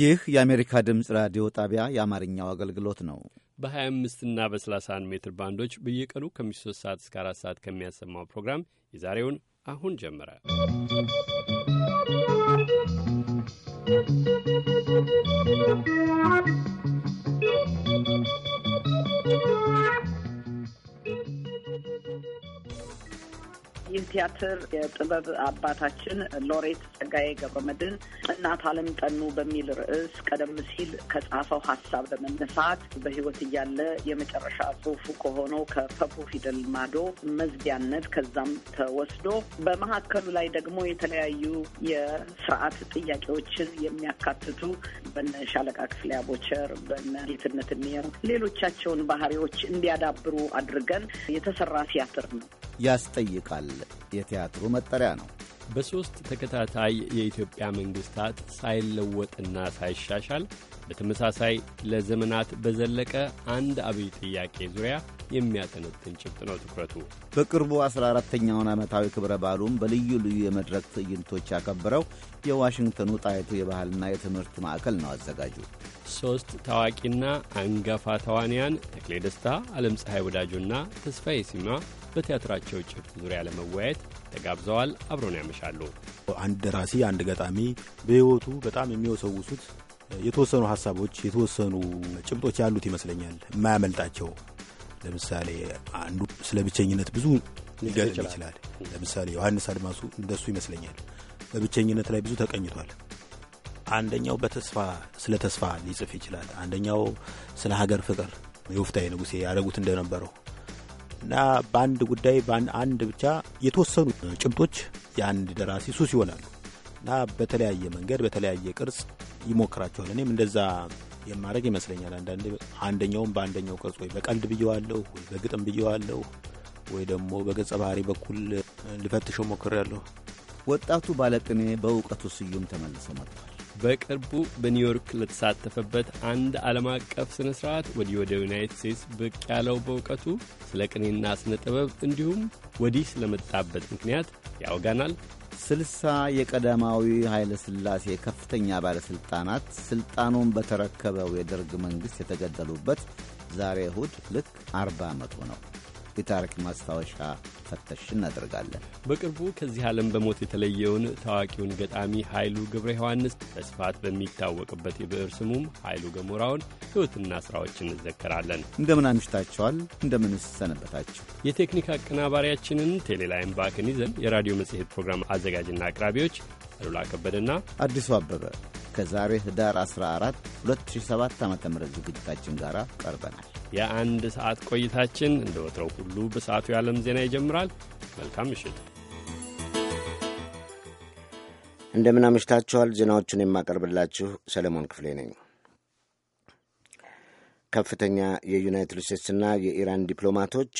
ይህ የአሜሪካ ድምፅ ራዲዮ ጣቢያ የአማርኛው አገልግሎት ነው። በ25 እና በ31 ሜትር ባንዶች በየቀኑ ከምሽቱ 3 ሰዓት እስከ 4 ሰዓት ከሚያሰማው ፕሮግራም የዛሬውን አሁን ጀመረ። ¶¶ ይህ ቲያትር የጥበብ አባታችን ሎሬት ጸጋዬ ገብረመድህን እናት አለም ጠኑ በሚል ርዕስ ቀደም ሲል ከጻፈው ሀሳብ በመነሳት በህይወት እያለ የመጨረሻ ጽሁፉ ከሆነው ከፈፉ ፊደል ማዶ መዝጊያነት ከዛም ተወስዶ በመካከሉ ላይ ደግሞ የተለያዩ የስርዓት ጥያቄዎችን የሚያካትቱ በነ ሻለቃ ክፍሌ አቦቸር፣ በነ ጌትነት ሌሎቻቸውን ባህሪዎች እንዲያዳብሩ አድርገን የተሰራ ቲያትር ነው። ያስጠይቃል የቲያትሩ መጠሪያ ነው። በሦስት ተከታታይ የኢትዮጵያ መንግሥታት ሳይለወጥና ሳይሻሻል በተመሳሳይ ለዘመናት በዘለቀ አንድ አብይ ጥያቄ ዙሪያ የሚያጠነጥን ጭብጥ ነው ትኩረቱ። በቅርቡ 14ተኛውን ዓመታዊ ክብረ በዓሉም በልዩ ልዩ የመድረክ ትዕይንቶች ያከበረው የዋሽንግተኑ ጣይቱ የባህልና የትምህርት ማዕከል ነው አዘጋጁ። ሦስት ታዋቂና አንጋፋ ተዋንያን ተክሌ ደስታ፣ ዓለም ፀሐይ ወዳጆና ተስፋዬ ሲማ በቲያትራቸው ጭብጥ ዙሪያ ለመወያየት ተጋብዘዋል። አብረውን ያመሻሉ። አንድ ደራሲ፣ አንድ ገጣሚ በሕይወቱ በጣም የሚወሰውሱት የተወሰኑ ሀሳቦች፣ የተወሰኑ ጭብጦች ያሉት ይመስለኛል። የማያመልጣቸው ለምሳሌ አንዱ ስለ ብቸኝነት ብዙ ሊገልጽ ይችላል። ለምሳሌ ዮሐንስ አድማሱ እንደሱ ይመስለኛል። በብቸኝነት ላይ ብዙ ተቀኝቷል። አንደኛው በተስፋ ስለ ተስፋ ሊጽፍ ይችላል። አንደኛው ስለ ሀገር ፍቅር የወፍታዊ ንጉሴ ያደረጉት እንደነበረው እና በአንድ ጉዳይ አንድ ብቻ የተወሰኑ ጭምጦች የአንድ ደራሲ ሱስ ይሆናሉ እና በተለያየ መንገድ በተለያየ ቅርጽ ይሞክራቸዋል። እኔም እንደዛ የማድረግ ይመስለኛል። አንዳንዴ አንደኛውም በአንደኛው ቅርጽ ወይ በቀልድ ብየዋለሁ ወይ በግጥም ብየዋለሁ ወይ ደግሞ በገጸ ባህሪ በኩል ልፈትሸው ሞክሬያለሁ። ወጣቱ ባለቅኔ በእውቀቱ ስዩም ተመልሶ መጥቷል። በቅርቡ በኒውዮርክ ለተሳተፈበት አንድ ዓለም አቀፍ ስነ ስርዓት ወዲህ ወደ ዩናይት ስቴትስ ብቅ ያለው በእውቀቱ ስለ ቅኔና ስነ ጥበብ እንዲሁም ወዲህ ስለመጣበት ምክንያት ያወጋናል። ስልሳ የቀዳማዊ ኃይለ ሥላሴ ከፍተኛ ባለሥልጣናት ሥልጣኑን በተረከበው የደርግ መንግሥት የተገደሉበት ዛሬ እሁድ ልክ አርባ ዓመቱ ነው። የታሪክ ማስታወሻ ፈተሽ እናደርጋለን። በቅርቡ ከዚህ ዓለም በሞት የተለየውን ታዋቂውን ገጣሚ ኃይሉ ገብረ ዮሐንስ በስፋት በሚታወቅበት የብዕር ስሙም ኃይሉ ገሞራውን ሕይወትና ሥራዎች እንዘከራለን። እንደምን አምሽታችኋል? እንደምን ሰነበታችሁ? የቴክኒክ አቀናባሪያችንን ቴሌላይም ባክን ይዘን የራዲዮ መጽሔት ፕሮግራም አዘጋጅና አቅራቢዎች አሉላ ከበደና አዲሱ አበበ ከዛሬ ህዳር 14 2007 ዓ ም ዝግጅታችን ጋር ቀርበናል። የአንድ ሰዓት ቆይታችን እንደ ወትረው ሁሉ በሰዓቱ የዓለም ዜና ይጀምራል። መልካም ምሽት፣ እንደምን አምሽታችኋል። ዜናዎቹን የማቀርብላችሁ ሰለሞን ክፍሌ ነኝ። ከፍተኛ የዩናይትድ ስቴትስና የኢራን ዲፕሎማቶች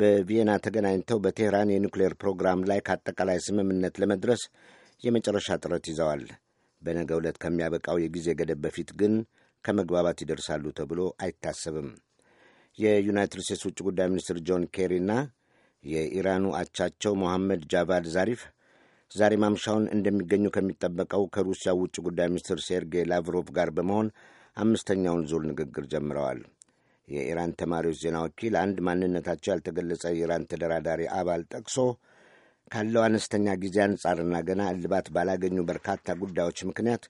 በቪየና ተገናኝተው በቴህራን የኒውክሌር ፕሮግራም ላይ ከአጠቃላይ ስምምነት ለመድረስ የመጨረሻ ጥረት ይዘዋል። በነገ ዕለት ከሚያበቃው የጊዜ ገደብ በፊት ግን ከመግባባት ይደርሳሉ ተብሎ አይታሰብም። የዩናይትድ ስቴትስ ውጭ ጉዳይ ሚኒስትር ጆን ኬሪና የኢራኑ አቻቸው ሞሐመድ ጃቫድ ዛሪፍ ዛሬ ማምሻውን እንደሚገኙ ከሚጠበቀው ከሩሲያ ውጭ ጉዳይ ሚኒስትር ሴርጌይ ላቭሮቭ ጋር በመሆን አምስተኛውን ዙር ንግግር ጀምረዋል። የኢራን ተማሪዎች ዜና ወኪል አንድ ማንነታቸው ያልተገለጸ የኢራን ተደራዳሪ አባል ጠቅሶ ካለው አነስተኛ ጊዜ አንጻርና ገና እልባት ባላገኙ በርካታ ጉዳዮች ምክንያት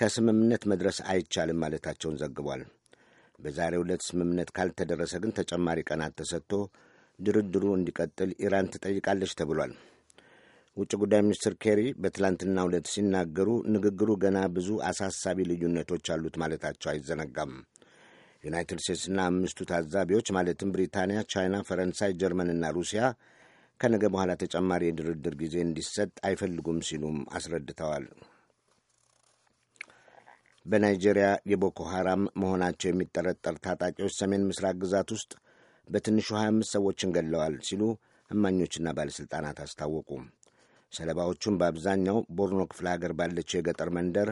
ከስምምነት መድረስ አይቻልም ማለታቸውን ዘግቧል። በዛሬው ዕለት ስምምነት ካልተደረሰ ግን ተጨማሪ ቀናት ተሰጥቶ ድርድሩ እንዲቀጥል ኢራን ትጠይቃለች ተብሏል። ውጭ ጉዳይ ሚኒስትር ኬሪ በትላንትና ዕለት ሲናገሩ ንግግሩ ገና ብዙ አሳሳቢ ልዩነቶች አሉት ማለታቸው አይዘነጋም። ዩናይትድ ስቴትስና አምስቱ ታዛቢዎች ማለትም ብሪታንያ፣ ቻይና፣ ፈረንሳይ፣ ጀርመንና ሩሲያ ከነገ በኋላ ተጨማሪ የድርድር ጊዜ እንዲሰጥ አይፈልጉም ሲሉም አስረድተዋል። በናይጄሪያ የቦኮ ሐራም መሆናቸው የሚጠረጠር ታጣቂዎች ሰሜን ምስራቅ ግዛት ውስጥ በትንሹ 25 ሰዎችን ገድለዋል ሲሉ እማኞችና ባለሥልጣናት አስታወቁ። ሰለባዎቹም በአብዛኛው ቦርኖ ክፍለ ሀገር ባለችው የገጠር መንደር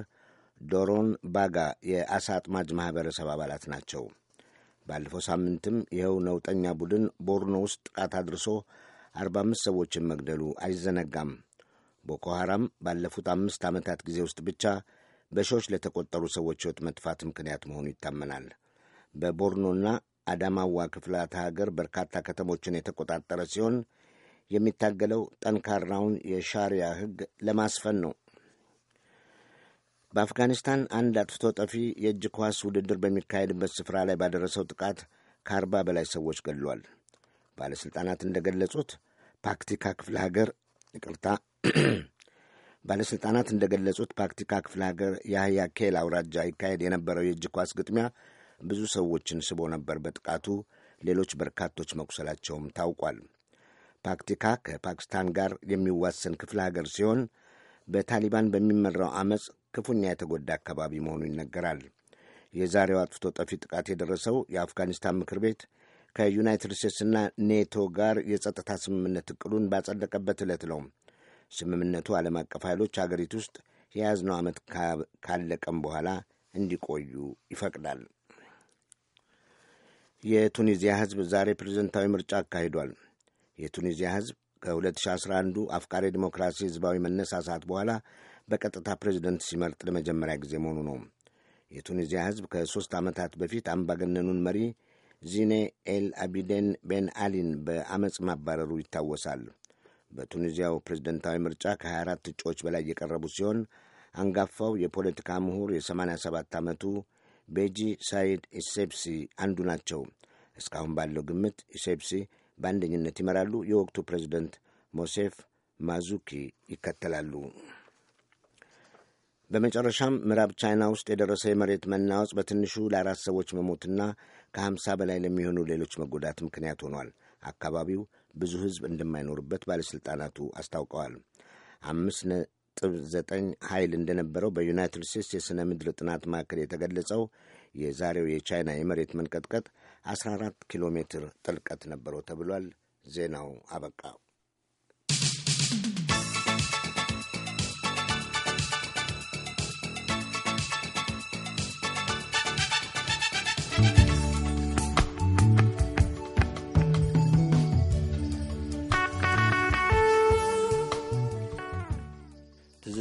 ዶሮን ባጋ የአሳ አጥማጅ ማኅበረሰብ አባላት ናቸው። ባለፈው ሳምንትም ይኸው ነውጠኛ ቡድን ቦርኖ ውስጥ ጥቃት አድርሶ 45 ሰዎችን መግደሉ አይዘነጋም። ቦኮ ሐራም ባለፉት አምስት ዓመታት ጊዜ ውስጥ ብቻ በሺዎች ለተቆጠሩ ሰዎች ሕይወት መጥፋት ምክንያት መሆኑ ይታመናል። በቦርኖና አዳማዋ ክፍላተ ሀገር በርካታ ከተሞችን የተቆጣጠረ ሲሆን የሚታገለው ጠንካራውን የሻሪያ ሕግ ለማስፈን ነው። በአፍጋኒስታን አንድ አጥፍቶ ጠፊ የእጅ ኳስ ውድድር በሚካሄድበት ስፍራ ላይ ባደረሰው ጥቃት ከአርባ በላይ ሰዎች ገድሏል። ባለሥልጣናት እንደገለጹት ፓክቲካ ክፍለ ሀገር ይቅርታ፣ ባለሥልጣናት እንደገለጹት ፓክቲካ ክፍለ ሀገር የአህያ ኬል አውራጃ ይካሄድ የነበረው የእጅ ኳስ ግጥሚያ ብዙ ሰዎችን ስቦ ነበር። በጥቃቱ ሌሎች በርካቶች መቁሰላቸውም ታውቋል። ፓክቲካ ከፓኪስታን ጋር የሚዋሰን ክፍለ ሀገር ሲሆን በታሊባን በሚመራው አመፅ ክፉኛ የተጎዳ አካባቢ መሆኑ ይነገራል። የዛሬው አጥፍቶ ጠፊ ጥቃት የደረሰው የአፍጋኒስታን ምክር ቤት ከዩናይትድ ስቴትስና ኔቶ ጋር የጸጥታ ስምምነት እቅዱን ባጸደቀበት ዕለት ነው። ስምምነቱ ዓለም አቀፍ ኃይሎች አገሪቱ ውስጥ የያዝነው ዓመት ካለቀም በኋላ እንዲቆዩ ይፈቅዳል። የቱኒዚያ ሕዝብ ዛሬ ፕሬዝደንታዊ ምርጫ አካሂዷል። የቱኒዚያ ሕዝብ ከ2011 አፍቃሪ ዲሞክራሲ ሕዝባዊ መነሳሳት በኋላ በቀጥታ ፕሬዝደንት ሲመርጥ ለመጀመሪያ ጊዜ መሆኑ ነው። የቱኒዚያ ሕዝብ ከሦስት ዓመታት በፊት አምባገነኑን መሪ ዚኔ ኤል አቢደን ቤን አሊን በአመፅ ማባረሩ ይታወሳል። በቱኒዚያው ፕሬዝደንታዊ ምርጫ ከ24 እጩዎች በላይ የቀረቡ ሲሆን አንጋፋው የፖለቲካ ምሁር የ87 ዓመቱ ቤጂ ሳይድ ኢሴፕሲ አንዱ ናቸው። እስካሁን ባለው ግምት ኢሴፕሲ በአንደኝነት ይመራሉ። የወቅቱ ፕሬዝደንት ሞሴፍ ማዙኪ ይከተላሉ። በመጨረሻም ምዕራብ ቻይና ውስጥ የደረሰ የመሬት መናወጽ በትንሹ ለአራት ሰዎች መሞትና ከ50 በላይ ለሚሆኑ ሌሎች መጎዳት ምክንያት ሆኗል። አካባቢው ብዙ ሕዝብ እንደማይኖርበት ባለሥልጣናቱ አስታውቀዋል። አምስት ነጥብ ዘጠኝ ኃይል እንደነበረው በዩናይትድ ስቴትስ የሥነ ምድር ጥናት ማዕከል የተገለጸው የዛሬው የቻይና የመሬት መንቀጥቀጥ 14 ኪሎ ሜትር ጥልቀት ነበረው ተብሏል። ዜናው አበቃ።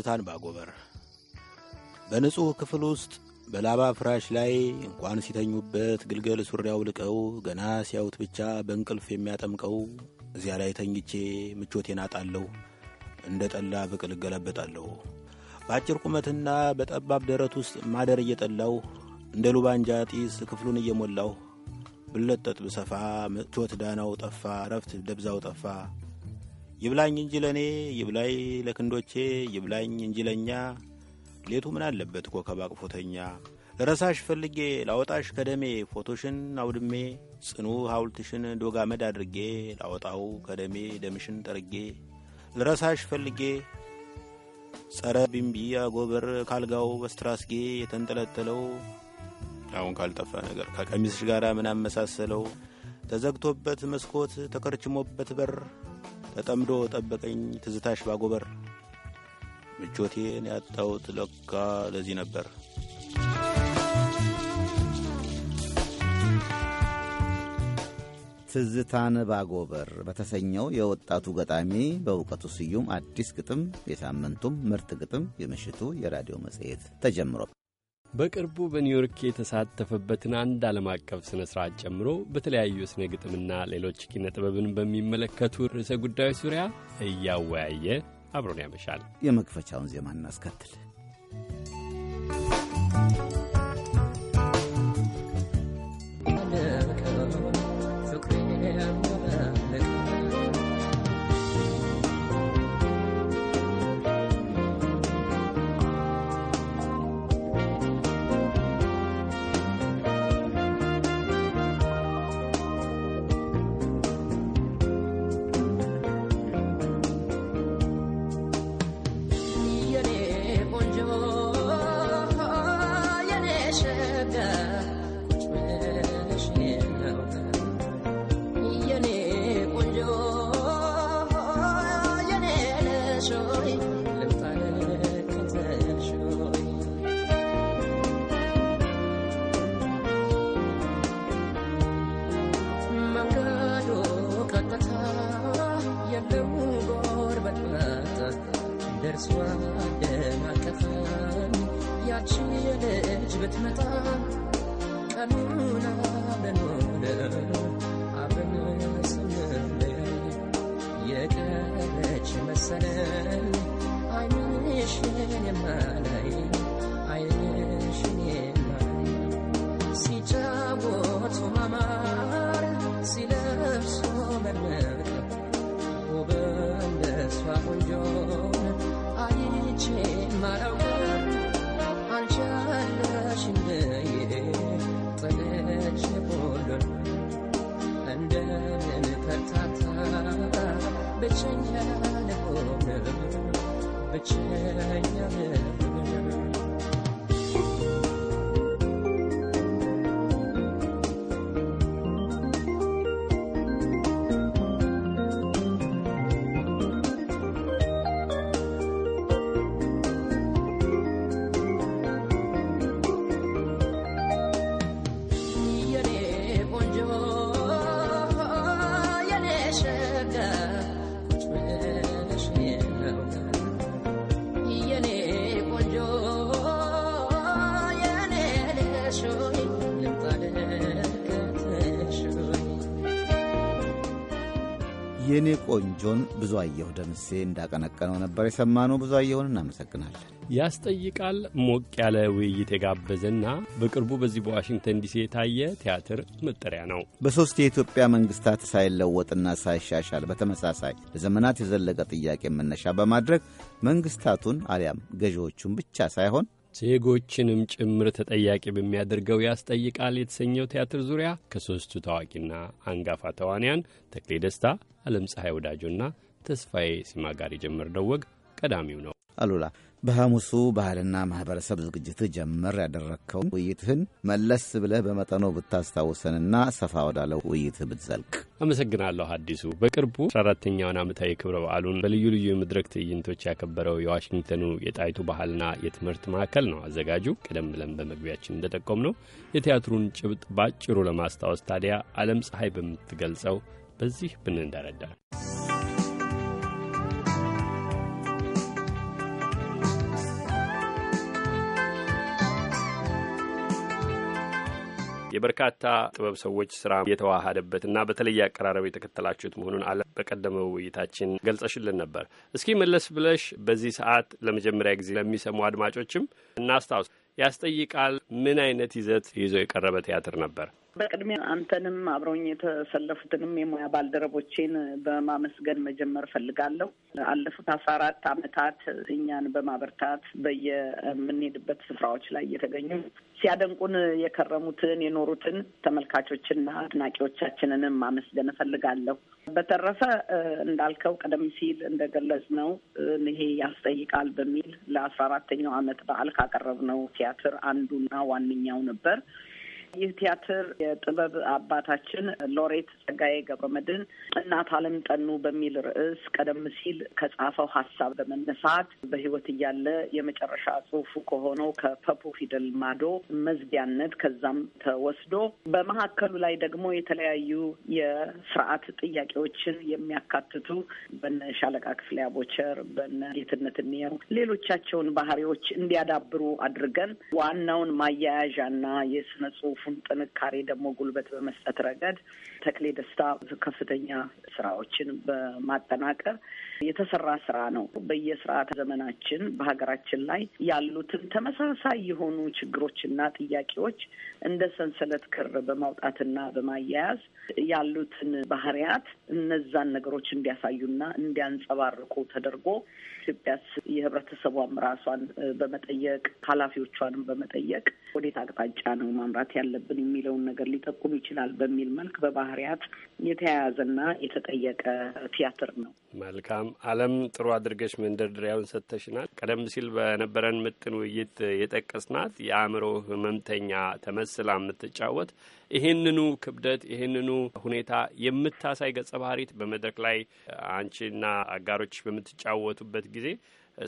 ሙታን ባጎበር በንጹሕ ክፍል ውስጥ በላባ ፍራሽ ላይ እንኳን ሲተኙበት ግልገል ሱሪ አውልቀው ገና ሲያዩት ብቻ በእንቅልፍ የሚያጠምቀው እዚያ ላይ ተኝቼ ምቾቴን አጣለሁ። እንደ ጠላ ብቅል እገለበጣለሁ። በአጭር ቁመትና በጠባብ ደረት ውስጥ ማደር እየጠላሁ እንደ ሉባንጃ ጢስ ክፍሉን እየሞላሁ ብለጠጥ ብሰፋ ምቾት ዳናው ጠፋ፣ እረፍት ደብዛው ጠፋ። ይብላኝ እንጂ ለእኔ ይብላይ ለክንዶቼ ይብላኝ እንጂ ለእኛ ሌቱ ምን አለበት ኮከብ አቅፎተኛ ልረሳሽ ፈልጌ ላወጣሽ ከደሜ ፎቶሽን አውድሜ ጽኑ ሐውልትሽን ዶግ አመድ አድርጌ ላወጣው ከደሜ ደምሽን ጠርጌ ልረሳሽ ፈልጌ ጸረ ቢምቢ አጎበር ካልጋው በስትራስጌ የተንጠለጠለው አሁን ካልጠፋ ነገር ከቀሚስሽ ጋር ምን አመሳሰለው ተዘግቶበት መስኮት ተከርችሞበት በር ተጠምዶ ጠበቀኝ ትዝታሽ ባጎበር ምቾቴን ያጣሁት ለካ ለዚህ ነበር። ትዝታን ባጎበር በተሰኘው የወጣቱ ገጣሚ በእውቀቱ ስዩም አዲስ ግጥም የሳምንቱም ምርጥ ግጥም የምሽቱ የራዲዮ መጽሔት ተጀምሮ በቅርቡ በኒውዮርክ የተሳተፈበትን አንድ ዓለም አቀፍ ሥነ ሥርዓት ጨምሮ በተለያዩ ስነ ግጥምና ሌሎች ኪነ ጥበብን በሚመለከቱ ርዕሰ ጉዳዮች ዙሪያ እያወያየ አብሮን ያመሻል። የመክፈቻውን ዜማ እናስከትል። የኔ ቆንጆን ብዙ አየሁ ደምሴ እንዳቀነቀነው ነበር የሰማነው። ብዙ አየሁን እናመሰግናለን። ያስጠይቃል ሞቅ ያለ ውይይት የጋበዘና በቅርቡ በዚህ በዋሽንግተን ዲሲ የታየ ቲያትር መጠሪያ ነው። በሦስት የኢትዮጵያ መንግሥታት ሳይለወጥና ሳይሻሻል በተመሳሳይ ለዘመናት የዘለቀ ጥያቄ መነሻ በማድረግ መንግሥታቱን አሊያም ገዢዎቹን ብቻ ሳይሆን ዜጎችንም ጭምር ተጠያቂ በሚያደርገው ያስጠይቃል የተሰኘው ቲያትር ዙሪያ ከሦስቱ ታዋቂና አንጋፋ ተዋንያን ተክሌ ደስታ፣ ዓለም ፀሐይ ወዳጆና ተስፋዬ ሲማ ጋር የጀመርነው ወግ ቀዳሚው ነው። አሉላ በሐሙሱ ባህልና ማኅበረሰብ ዝግጅት ጀምር ያደረግከው ውይይትህን መለስ ብለህ በመጠኑ ብታስታውሰንና ሰፋ ወዳለው ውይይትህ ብትዘልቅ አመሰግናለሁ። አዲሱ በቅርቡ 14ተኛውን ዓመታዊ ክብረ በዓሉን በልዩ ልዩ የመድረክ ትዕይንቶች ያከበረው የዋሽንግተኑ የጣይቱ ባህልና የትምህርት ማዕከል ነው አዘጋጁ። ቀደም ብለን በመግቢያችን እንደጠቆም ነው የቲያትሩን ጭብጥ ባጭሩ ለማስታወስ ታዲያ ዓለም ፀሐይ በምትገልጸው በዚህ ብንንደረዳል የበርካታ ጥበብ ሰዎች ስራ የተዋሃደበትና በተለየ አቀራረብ የተከተላችሁት መሆኑን አለ በቀደመው ውይይታችን ገልጸሽልን ነበር። እስኪ መለስ ብለሽ በዚህ ሰዓት ለመጀመሪያ ጊዜ ለሚሰሙ አድማጮችም እናስታውስ፣ ያስጠይቃል ምን አይነት ይዘት ይዞ የቀረበ ቲያትር ነበር? በቅድሚያ አንተንም አብረውኝ የተሰለፉትንም የሙያ ባልደረቦቼን በማመስገን መጀመር ፈልጋለሁ። አለፉት አስራ አራት አመታት እኛን በማበርታት በየምንሄድበት ስፍራዎች ላይ እየተገኙ ሲያደንቁን የከረሙትን የኖሩትን ተመልካቾችና አድናቂዎቻችንንም ማመስገን እፈልጋለሁ። በተረፈ እንዳልከው ቀደም ሲል እንደገለጽ ነው ይሄ ያስጠይቃል በሚል ለአስራ አራተኛው አመት በዓል ካቀረብነው ቲያትር አንዱና ዋነኛው ነበር። ይህ ቲያትር የጥበብ አባታችን ሎሬት ጸጋዬ ገብረመድህን እናት አለም ጠኑ በሚል ርዕስ ቀደም ሲል ከጻፈው ሀሳብ በመነሳት በህይወት እያለ የመጨረሻ ጽሁፉ ከሆነው ከፐፑ ፊደል ማዶ መዝጊያነት ከዛም ተወስዶ በመካከሉ ላይ ደግሞ የተለያዩ የስርዓት ጥያቄዎችን የሚያካትቱ በነ ሻለቃ ክፍሌ አቦቸር በነ ጌትነት እንየው ሌሎቻቸውን ባህሪዎች እንዲያዳብሩ አድርገን ዋናውን ማያያዣና የስነ ጽሁፉ የራሱን ጥንካሬ ደግሞ ጉልበት በመስጠት ረገድ ተክሌ ደስታ ከፍተኛ ስራዎችን በማጠናቀር የተሰራ ስራ ነው። በየስርዓተ ዘመናችን በሀገራችን ላይ ያሉትን ተመሳሳይ የሆኑ ችግሮችና ጥያቄዎች እንደ ሰንሰለት ክር በማውጣትና በማያያዝ ያሉትን ባህሪያት እነዛን ነገሮች እንዲያሳዩና እንዲያንጸባርቁ ተደርጎ ኢትዮጵያስ የህብረተሰቧም ራሷን በመጠየቅ ኃላፊዎቿንም በመጠየቅ ወዴት አቅጣጫ ነው ማምራት ያለብን የሚለውን ነገር ሊጠቁም ይችላል በሚል መልክ በባህሪያት የተያያዘና የተጠየቀ ቲያትር ነው። መልካም መልካም አለም ጥሩ አድርገሽ መንደርደሪያውን ሰጥተሽናል። ቀደም ሲል በነበረን ምጥን ውይይት የጠቀስናት የአእምሮ ህመምተኛ ተመስላ የምትጫወት ይህንኑ ክብደት ይህንኑ ሁኔታ የምታሳይ ገጸ ባህሪት በመድረክ ላይ አንቺና አጋሮች በምትጫወቱበት ጊዜ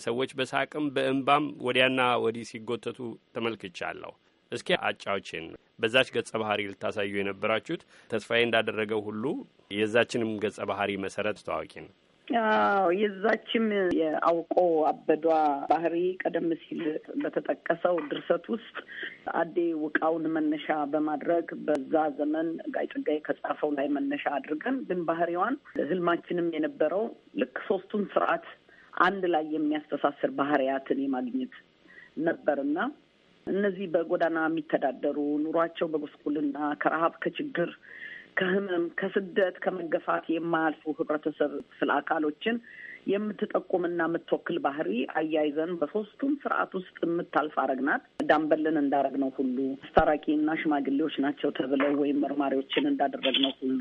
ሰዎች በሳቅም በእንባም ወዲያና ወዲህ ሲጎተቱ ተመልክቻለሁ። እስኪ አጫዎችን በዛች ገጸ ባህሪ ልታሳዩ የነበራችሁት ተስፋዬ እንዳደረገው ሁሉ የዛችንም ገጸ ባህሪ መሰረት ታዋቂ ነው። አዎ የዛችም የአውቆ አበዷ ባህሪ ቀደም ሲል በተጠቀሰው ድርሰት ውስጥ አዴ ውቃውን መነሻ በማድረግ በዛ ዘመን ጋይ ጸጋዬ ከጻፈው ላይ መነሻ አድርገን ግን ባህሪዋን ህልማችንም የነበረው ልክ ሶስቱን ስርዓት አንድ ላይ የሚያስተሳስር ባህሪያትን የማግኘት ነበርና እነዚህ በጎዳና የሚተዳደሩ ኑሯቸው በጉስቁልና ከረሀብ ከችግር ከህመም፣ ከስደት፣ ከመገፋት የማያልፉ ህብረተሰብ ክፍል አካሎችን የምትጠቁምና የምትወክል ባህሪ አያይዘን በሶስቱም ስርዓት ውስጥ የምታልፍ አረግናት። ዳንበልን እንዳረግነው ሁሉ አስታራቂና ሽማግሌዎች ናቸው ተብለው ወይም መርማሪዎችን እንዳደረግነው ሁሉ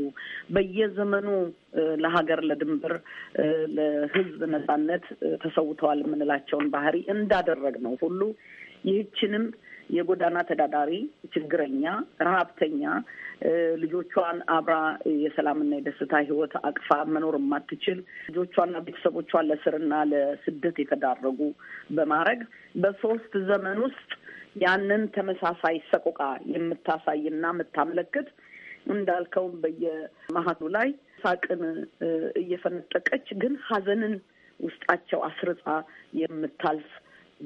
በየዘመኑ ለሀገር፣ ለድንበር፣ ለህዝብ ነጻነት ተሰውተዋል የምንላቸውን ባህሪ እንዳደረግነው ሁሉ ይህችንም የጎዳና ተዳዳሪ፣ ችግረኛ፣ ረሀብተኛ ልጆቿን አብራ የሰላምና የደስታ ህይወት አቅፋ መኖር የማትችል ልጆቿና ቤተሰቦቿን ለስርና ለስደት የተዳረጉ በማድረግ በሶስት ዘመን ውስጥ ያንን ተመሳሳይ ሰቆቃ የምታሳይና የምታመለክት እንዳልከውም በየመሀሉ ላይ ሳቅን እየፈነጠቀች ግን ሀዘንን ውስጣቸው አስርጻ የምታልፍ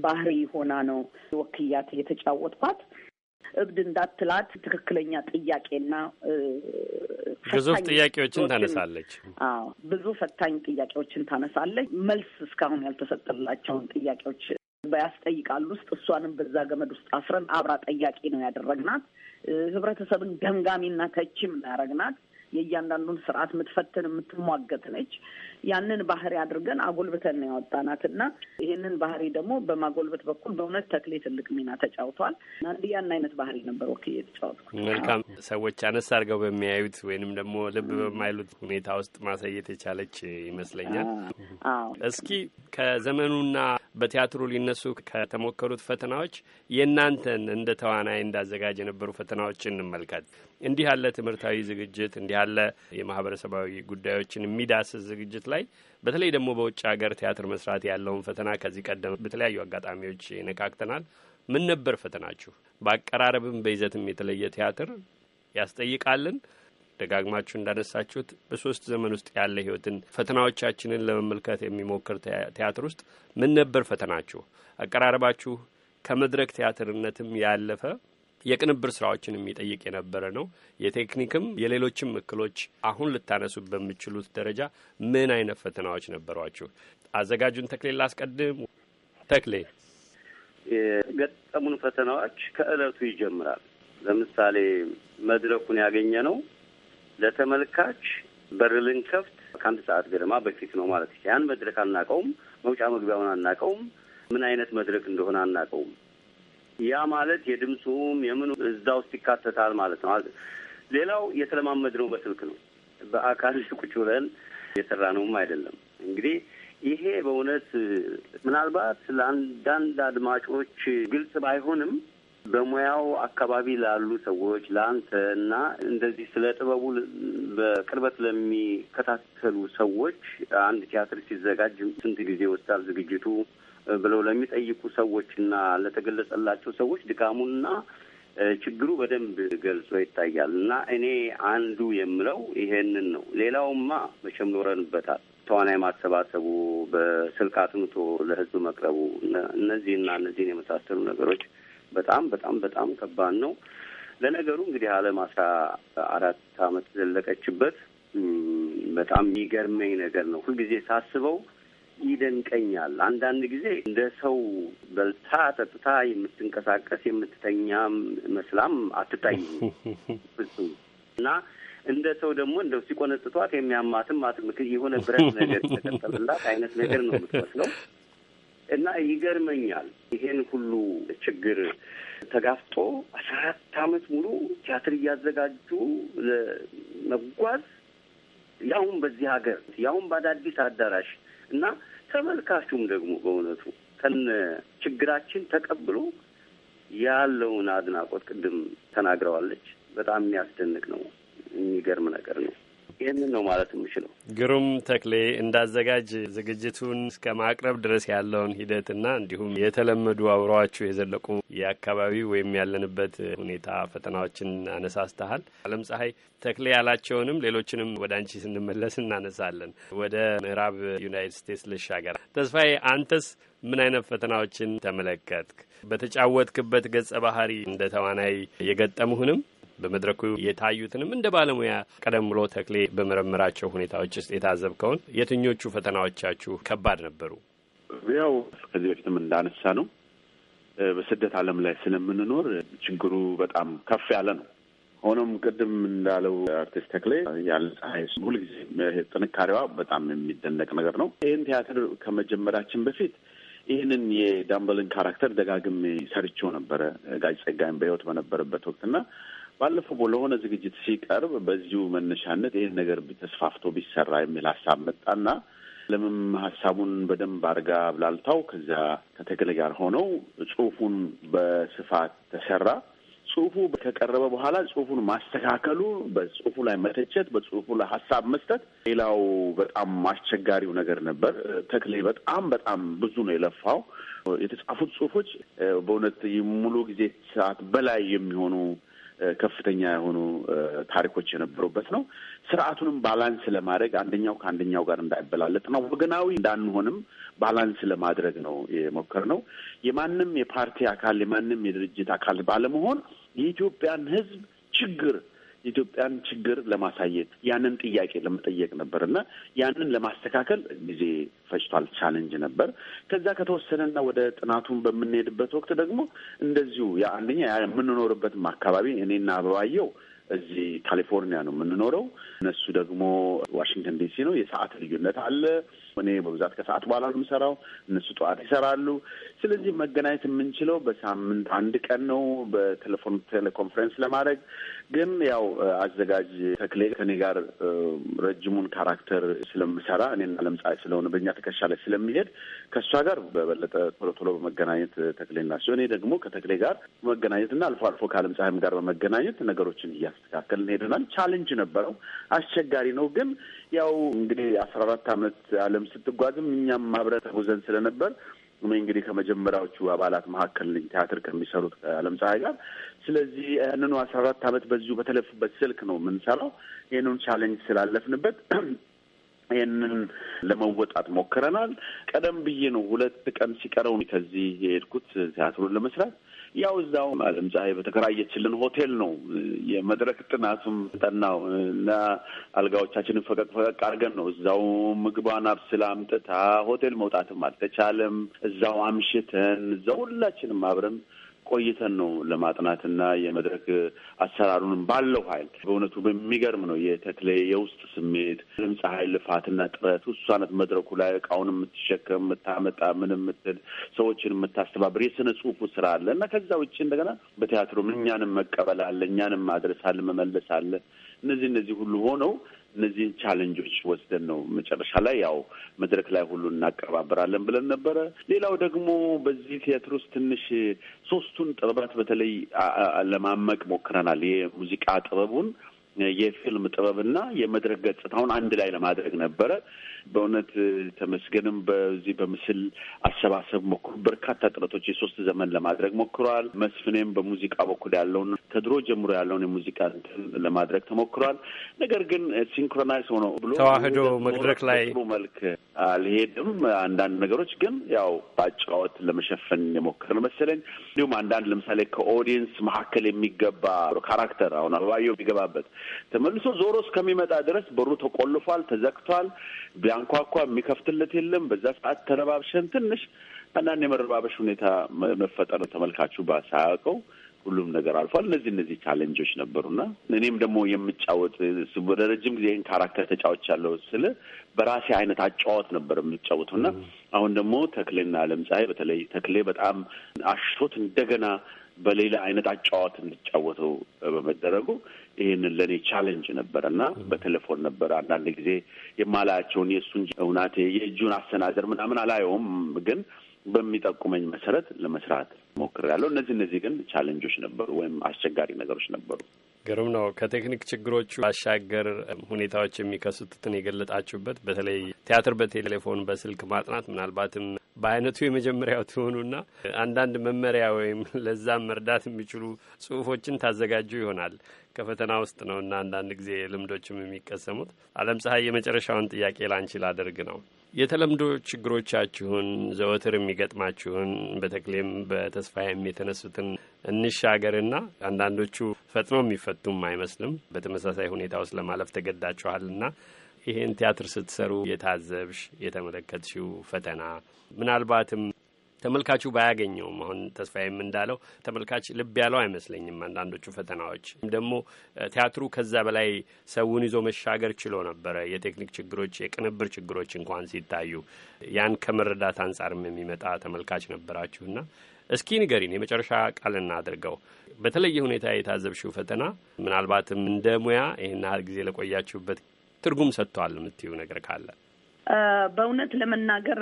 ባህሪ ሆና ነው ወክያት የተጫወትኳት። እብድ እንዳትላት ትክክለኛ ጥያቄና ግዙፍ ጥያቄዎችን ታነሳለች። አዎ ብዙ ፈታኝ ጥያቄዎችን ታነሳለች። መልስ እስካሁን ያልተሰጠላቸውን ጥያቄዎች በያስጠይቃል ውስጥ እሷንም በዛ ገመድ ውስጥ አስረን አብራ ጠያቂ ነው ያደረግናት። ህብረተሰብን ገምጋሚና ተቺም ያደረግናት የእያንዳንዱን ስርዓት የምትፈትን የምትሟገት ነች። ያንን ባህሪ አድርገን አጎልብተን ነው ያወጣናት እና ይህንን ባህሪ ደግሞ በማጎልበት በኩል በእውነት ተክሌ ትልቅ ሚና ተጫውቷል። አንድ ያን አይነት ባህሪ ነበር ወክዬ የተጫወትኩት። መልካም ሰዎች አነስ አድርገው በሚያዩት ወይንም ደግሞ ልብ በማይሉት ሁኔታ ውስጥ ማሳየት የቻለች ይመስለኛል። እስኪ ከዘመኑና በቲያትሩ ሊነሱ ከተሞከሩት ፈተናዎች የእናንተን እንደ ተዋናይ እንዳዘጋጅ የነበሩ ፈተናዎች እንመልከት። እንዲህ ያለ ትምህርታዊ ዝግጅት እንዲህ ያለ የማህበረሰባዊ ጉዳዮችን የሚዳስስ ዝግጅት ላይ በተለይ ደግሞ በውጭ ሀገር ቲያትር መስራት ያለውን ፈተና ከዚህ ቀደም በተለያዩ አጋጣሚዎች ይነካክተናል። ምን ነበር ፈተናችሁ? በአቀራረብም በይዘትም የተለየ ቲያትር ያስጠይቃልን? ደጋግማችሁ እንዳነሳችሁት በሶስት ዘመን ውስጥ ያለ ህይወትን ፈተናዎቻችንን ለመመልከት የሚሞክር ቲያትር ውስጥ ምን ነበር ፈተናችሁ? አቀራረባችሁ ከመድረክ ቲያትርነትም ያለፈ የቅንብር ስራዎችን የሚጠይቅ የነበረ ነው። የቴክኒክም የሌሎችም እክሎች አሁን ልታነሱ በሚችሉት ደረጃ ምን አይነት ፈተናዎች ነበሯችሁ? አዘጋጁን ተክሌ ላስቀድም። ተክሌ የገጠሙን ፈተናዎች ከእለቱ ይጀምራል። ለምሳሌ መድረኩን ያገኘ ነው ለተመልካች በር ልንከፍት ከአንድ ሰዓት ገደማ በፊት ነው ማለት ያን መድረክ አናቀውም፣ መውጫ መግቢያውን አናቀውም፣ ምን አይነት መድረክ እንደሆነ አናቀውም። ያ ማለት የድምፁም የምኑ እዛ ውስጥ ይካተታል ማለት ነው። ሌላው የተለማመድ ነው፣ በስልክ ነው። በአካል ቁጭ ብለን የሰራ ነውም አይደለም። እንግዲህ ይሄ በእውነት ምናልባት ለአንዳንድ አድማጮች ግልጽ ባይሆንም በሙያው አካባቢ ላሉ ሰዎች ለአንተ እና እንደዚህ ስለ ጥበቡ በቅርበት ለሚከታተሉ ሰዎች አንድ ቲያትር ሲዘጋጅ ስንት ጊዜ ይወስዳል ዝግጅቱ? ብለው ለሚጠይቁ ሰዎችና ለተገለጸላቸው ሰዎች ድካሙና ችግሩ በደንብ ገልጾ ይታያል እና እኔ አንዱ የምለው ይሄንን ነው። ሌላውማ መቼም ኖረንበታል። ተዋናይ ማሰባሰቡ፣ በስልክ አትምቶ ለህዝብ መቅረቡ፣ እነዚህና እነዚህን የመሳሰሉ ነገሮች በጣም በጣም በጣም ከባድ ነው። ለነገሩ እንግዲህ ዓለም አስራ አራት አመት ዘለቀችበት። በጣም የሚገርመኝ ነገር ነው ሁልጊዜ ሳስበው ይደንቀኛል። አንዳንድ ጊዜ እንደ ሰው በልታ ጠጥታ የምትንቀሳቀስ የምትተኛ መስላም አትታይም ፍጹም እና እንደ ሰው ደግሞ እንደው ሲቆነጥቷት የሚያማትም አትምክ የሆነ ብረት ነገር የተቀጠለላት አይነት ነገር ነው የምትመስለው እና ይገርመኛል። ይሄን ሁሉ ችግር ተጋፍጦ አስራ አራት አመት ሙሉ ቲያትር እያዘጋጁ ለመጓዝ ያሁን በዚህ ሀገር ያሁን በአዳዲስ አዳራሽ እና ተመልካቹም ደግሞ በእውነቱ ከነ ችግራችን ተቀብሎ ያለውን አድናቆት ቅድም ተናግረዋለች። በጣም የሚያስደንቅ ነው። የሚገርም ነገር ነው። ይህንን ነው ማለት የምችለው። ግሩም ተክሌ እንዳዘጋጅ ዝግጅቱን እስከ ማቅረብ ድረስ ያለውን ሂደትና እንዲሁም የተለመዱ አብረዋችሁ የዘለቁ የአካባቢ ወይም ያለንበት ሁኔታ ፈተናዎችን አነሳስተሃል። አለም ፀሐይ ተክሌ ያላቸውንም ሌሎችንም ወደ አንቺ ስንመለስ እናነሳለን። ወደ ምዕራብ ዩናይትድ ስቴትስ ልሻገር። ተስፋዬ አንተስ ምን አይነት ፈተናዎችን ተመለከትክ? በተጫወትክበት ገጸ ባህሪ እንደ ተዋናይ የገጠምሁንም በመድረኩ የታዩትንም እንደ ባለሙያ ቀደም ብሎ ተክሌ በመረመራቸው ሁኔታዎች ውስጥ የታዘብከውን የትኞቹ ፈተናዎቻችሁ ከባድ ነበሩ? ያው ከዚህ በፊትም እንዳነሳ ነው በስደት ዓለም ላይ ስለምንኖር ችግሩ በጣም ከፍ ያለ ነው። ሆኖም ቅድም እንዳለው አርቲስት ተክሌ ያለ ፀሐይ ሁልጊዜ ጥንካሬዋ በጣም የሚደነቅ ነገር ነው። ይህን ቲያትር ከመጀመራችን በፊት ይህንን የዳምበልን ካራክተር ደጋግሜ ሰርቼው ነበረ ጋጅ ጸጋይን በህይወት በነበረበት ወቅት እና ባለፈው ለሆነ ዝግጅት ሲቀርብ በዚሁ መነሻነት ይህን ነገር ተስፋፍቶ ቢሰራ የሚል ሀሳብ መጣና ለምም ሀሳቡን በደንብ አድርጋ አብላልታው ከዚያ ከተክለ ጋር ሆነው ጽሁፉን በስፋት ተሰራ። ጽሁፉ ከቀረበ በኋላ ጽሁፉን ማስተካከሉ፣ በጽሁፉ ላይ መተቸት፣ በጽሁፉ ላይ ሀሳብ መስጠት ሌላው በጣም አስቸጋሪው ነገር ነበር። ተክሌ በጣም በጣም ብዙ ነው የለፋው። የተጻፉት ጽሁፎች በእውነት ሙሉ ጊዜ ሰዓት በላይ የሚሆኑ ከፍተኛ የሆኑ ታሪኮች የነበሩበት ነው። ስርዓቱንም ባላንስ ለማድረግ አንደኛው ከአንደኛው ጋር እንዳይበላለጥ ነው። ወገናዊ እንዳንሆንም ባላንስ ለማድረግ ነው ነው። የማንም የፓርቲ አካል የማንም የድርጅት አካል ባለመሆን የኢትዮጵያን ህዝብ ችግር የኢትዮጵያን ችግር ለማሳየት ያንን ጥያቄ ለመጠየቅ ነበር እና ያንን ለማስተካከል ጊዜ ፈጅቷል። ቻለንጅ ነበር። ከዛ ከተወሰነና ወደ ጥናቱን በምንሄድበት ወቅት ደግሞ እንደዚሁ አንደኛ የምንኖርበትም አካባቢ እኔና አበባየው እዚህ ካሊፎርኒያ ነው የምንኖረው፣ እነሱ ደግሞ ዋሽንግተን ዲሲ ነው። የሰዓት ልዩነት አለ። እኔ በብዛት ከሰዓት በኋላ ነው የምሰራው፣ እነሱ ጠዋት ይሰራሉ። ስለዚህ መገናኘት የምንችለው በሳምንት አንድ ቀን ነው በቴሌፎን ቴሌኮንፈረንስ ለማድረግ ግን ያው አዘጋጅ ተክሌ ከኔ ጋር ረጅሙን ካራክተር ስለምሰራ እኔና ለምጻ ስለሆነ በእኛ ትከሻ ላይ ስለሚሄድ ከእሷ ጋር በበለጠ ቶሎ ቶሎ በመገናኘት ተክሌና ሲሆን እኔ ደግሞ ከተክሌ ጋር በመገናኘትና አልፎ አልፎ ከአለምጻህም ጋር በመገናኘት ነገሮችን እያስተካከልን ሄደናል። ቻሌንጅ ነበረው፣ አስቸጋሪ ነው ግን ያው እንግዲህ አስራ አራት አመት አለም ስትጓዝም እኛም ማብረት ተጉዘን ስለነበር እኔ እንግዲህ ከመጀመሪያዎቹ አባላት መካከል ነኝ፣ ቲያትር ከሚሰሩት ከአለም ፀሐይ ጋር። ስለዚህ ያንኑ አስራ አራት አመት በዚሁ በተለፉበት ስልክ ነው የምንሰራው። ይህንን ቻለንጅ ስላለፍንበት ይህንን ለመወጣት ሞክረናል። ቀደም ብዬ ነው ሁለት ቀን ሲቀረው ከዚህ የሄድኩት ቲያትሩን ለመስራት ያው እዛው ዓለም ፀሐይ በተከራየችልን ሆቴል ነው የመድረክ ጥናቱም ጠናው እና አልጋዎቻችንን ፈቀቅ ፈቀቅ አድርገን ነው እዛው ምግቧን አብስላ አምጥታ ሆቴል መውጣትም አልተቻለም። እዛው አምሽተን እዛው ሁላችንም አብረን ቆይተን ነው ለማጥናትና የመድረክ አሰራሩንም ባለው ኃይል በእውነቱ በሚገርም ነው የተክሌ የውስጥ ስሜት ድምፅ ኃይል ልፋትና ጥረት ውሳነት መድረኩ ላይ እቃውን የምትሸከም የምታመጣ ምን የምትል ሰዎችን የምታስተባብር የስነ ጽሁፉ ስራ አለ እና ከዛ ውጭ እንደገና በቲያትሩም እኛንም መቀበል አለ፣ እኛንም ማድረስ አለ፣ መመለስ አለ። እነዚህ እነዚህ ሁሉ ሆነው እነዚህን ቻለንጆች ወስደን ነው መጨረሻ ላይ ያው መድረክ ላይ ሁሉ እናቀባብራለን ብለን ነበረ። ሌላው ደግሞ በዚህ ቲያትር ውስጥ ትንሽ ሶስቱን ጥበባት በተለይ ለማመቅ ሞክረናል። የሙዚቃ ጥበቡን የፊልም ጥበብና የመድረክ ገጽታውን አንድ ላይ ለማድረግ ነበረ። በእውነት ተመስገንም በዚህ በምስል አሰባሰብ ሞክሩ በርካታ ጥረቶች የሶስት ዘመን ለማድረግ ሞክሯል። መስፍኔም በሙዚቃ በኩል ያለውን ከድሮ ጀምሮ ያለውን የሙዚቃ ለማድረግ ተሞክሯል። ነገር ግን ሲንክሮናይዝ ሆኖ ብሎ ተዋህዶ መድረክ ላይ መልክ አልሄድም። አንዳንድ ነገሮች ግን ያው በአጫወት ለመሸፈን የሞከር መሰለኝ። እንዲሁም አንዳንድ ለምሳሌ ከኦዲየንስ መካከል የሚገባ ካራክተር አሁን አበባየው የሚገባበት ተመልሶ ዞሮ እስከሚመጣ ድረስ በሩ ተቆልፏል፣ ተዘግቷል። ቢያንኳኳ የሚከፍትለት የለም። በዛ ሰዓት ተረባብሸን ትንሽ አንዳንድ የመረባበሽ ሁኔታ መፈጠር ተመልካቹ ሳያውቀው ሁሉም ነገር አልፏል። እነዚህ እነዚህ ቻሌንጆች ነበሩና እኔም ደግሞ የምጫወት ወደ ጊዜ ይህን ካራክተር ተጫወች ያለው ስል በራሴ አይነት አጫወት ነበር የምጫወቱና አሁን ደግሞ ተክሌና ዓለም ፀሐይ በተለይ ተክሌ በጣም አሽቶት እንደገና በሌላ አይነት አጫዋት እንዲጫወተው በመደረጉ ይህንን ለእኔ ቻሌንጅ ነበር እና በቴሌፎን ነበር አንዳንድ ጊዜ የማላያቸውን የእሱን እውናቴ የእጁን አሰናዘር ምናምን አላየውም ግን በሚጠቁመኝ መሰረት ለመስራት ያለው እነዚህ እነዚህ ግን ቻሌንጆች ነበሩ ወይም አስቸጋሪ ነገሮች ነበሩ። ግሩም ነው። ከቴክኒክ ችግሮቹ ባሻገር ሁኔታዎች የሚከሰቱትን የገለጣችሁበት በተለይ ቲያትር በቴሌፎን በስልክ ማጥናት ምናልባትም በአይነቱ የመጀመሪያው ትሆኑና አንዳንድ መመሪያ ወይም ለዛም መርዳት የሚችሉ ጽሁፎችን ታዘጋጁ ይሆናል። ከፈተና ውስጥ ነው እና አንዳንድ ጊዜ ልምዶችም የሚቀሰሙት። አለም ፀሐይ የመጨረሻውን ጥያቄ ላንቺ ላደርግ ነው። የተለምዶ ችግሮቻችሁን ዘወትር የሚገጥማችሁን በተክሌም በተስፋዬም የተነሱትን እንሻገርና አንዳንዶቹ ፈጥኖ የሚፈቱም አይመስልም። በተመሳሳይ ሁኔታ ውስጥ ለማለፍ ተገዳችኋልና ይህን ቲያትር ስትሰሩ የታዘብሽ የተመለከትሽው ፈተና ምናልባትም ተመልካቹ ባያገኘውም አሁን ተስፋዬም እንዳለው ተመልካች ልብ ያለው አይመስለኝም። አንዳንዶቹ ፈተናዎች ደግሞ ቲያትሩ ከዛ በላይ ሰውን ይዞ መሻገር ችሎ ነበረ። የቴክኒክ ችግሮች፣ የቅንብር ችግሮች እንኳን ሲታዩ ያን ከመረዳት አንጻርም የሚመጣ ተመልካች ነበራችሁና እስኪ ንገሪን፣ የመጨረሻ ቃል እናድርገው። በተለየ ሁኔታ የታዘብሽው ፈተና ምናልባትም እንደ ሙያ ይህን ያህል ጊዜ ለቆያችሁበት ትርጉም ሰጥቷል የምትይው ነገር ካለ? በእውነት ለመናገር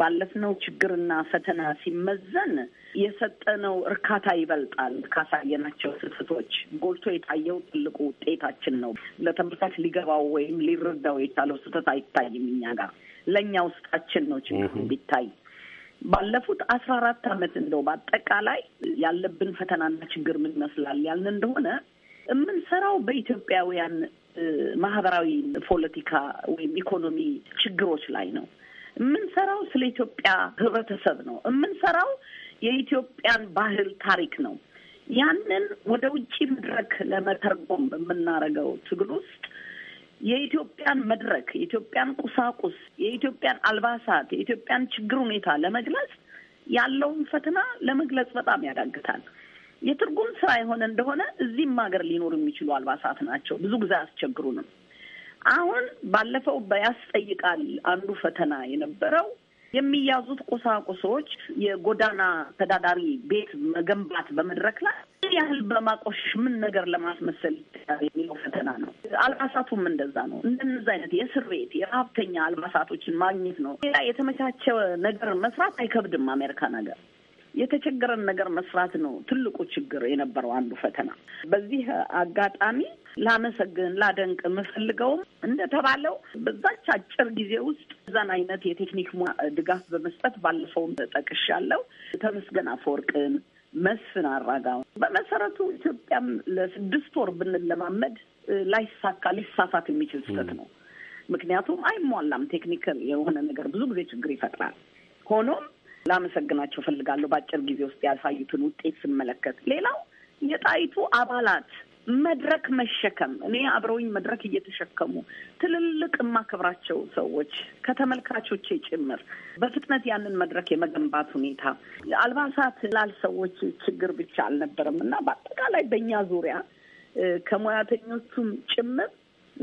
ባለፍነው ችግርና ፈተና ሲመዘን የሰጠነው እርካታ ይበልጣል። ካሳየናቸው ስህተቶች ጎልቶ የታየው ትልቁ ውጤታችን ነው። ለተመልካች ሊገባው ወይም ሊረዳው የቻለው ስህተት አይታይም። እኛ ጋር ለእኛ ውስጣችን ነው ችግሩ ቢታይ ባለፉት አስራ አራት አመት እንደው በአጠቃላይ ያለብን ፈተናና ችግር ምን ይመስላል ያልን እንደሆነ የምንሰራው በኢትዮጵያውያን ማህበራዊ ፖለቲካ ወይም ኢኮኖሚ ችግሮች ላይ ነው የምንሰራው። ስለ ኢትዮጵያ ህብረተሰብ ነው የምንሰራው። የኢትዮጵያን ባህል ታሪክ ነው። ያንን ወደ ውጭ መድረክ ለመተርጎም በምናደርገው ትግል ውስጥ የኢትዮጵያን መድረክ፣ የኢትዮጵያን ቁሳቁስ፣ የኢትዮጵያን አልባሳት፣ የኢትዮጵያን ችግር ሁኔታ ለመግለጽ ያለውን ፈተና ለመግለጽ በጣም ያዳግታል። የትርጉም ስራ የሆነ እንደሆነ እዚህም ሀገር ሊኖር የሚችሉ አልባሳት ናቸው። ብዙ ጊዜ አያስቸግሩንም። አሁን ባለፈው በያስጠይቃል አንዱ ፈተና የነበረው የሚያዙት ቁሳቁሶች የጎዳና ተዳዳሪ ቤት መገንባት በመድረክ ላይ ምን ያህል በማቆሽ ምን ነገር ለማስመሰል የሚለው ፈተና ነው። አልባሳቱም እንደዛ ነው። እንደነዚ አይነት የእስር ቤት የረሀብተኛ አልባሳቶችን ማግኘት ነው። ሌላ የተመቻቸ ነገር መስራት አይከብድም። አሜሪካ ነገር የተቸገረን ነገር መስራት ነው ትልቁ ችግር የነበረው አንዱ ፈተና። በዚህ አጋጣሚ ላመሰግን ላደንቅ የምፈልገውም እንደተባለው በዛች አጭር ጊዜ ውስጥ እዛን አይነት የቴክኒክ ድጋፍ በመስጠት ባለፈውም ጠቅሻለሁ ተመስገን አፈወርቅን መስፍን አራጋው በመሰረቱ ኢትዮጵያም ለስድስት ወር ብንለማመድ ላይሳካ ሊሳሳት የሚችል ስህተት ነው። ምክንያቱም አይሟላም። ቴክኒካል የሆነ ነገር ብዙ ጊዜ ችግር ይፈጥራል። ሆኖም ላመሰግናቸው ፈልጋለሁ። በአጭር ጊዜ ውስጥ ያሳዩትን ውጤት ስመለከት ሌላው የጣይቱ አባላት መድረክ መሸከም እኔ አብረውኝ መድረክ እየተሸከሙ ትልልቅ የማከብራቸው ሰዎች ከተመልካቾቼ ጭምር በፍጥነት ያንን መድረክ የመገንባት ሁኔታ አልባሳት ላል ሰዎች ችግር ብቻ አልነበረም እና በአጠቃላይ በእኛ ዙሪያ ከሙያተኞቹም ጭምር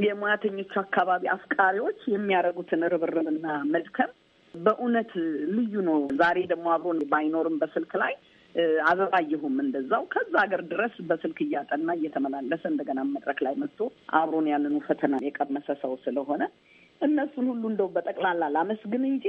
የሙያተኞቹ አካባቢ አፍቃሪዎች የሚያደርጉትን ርብርብና መድከም በእውነት ልዩ ነው። ዛሬ ደግሞ አብሮን ባይኖርም በስልክ ላይ አበባየሁም እንደዛው ከዛ ሀገር ድረስ በስልክ እያጠና እየተመላለሰ እንደገና መድረክ ላይ መጥቶ አብሮን ያንኑ ፈተና የቀመሰ ሰው ስለሆነ እነሱን ሁሉ እንደው በጠቅላላ ላመስግን እንጂ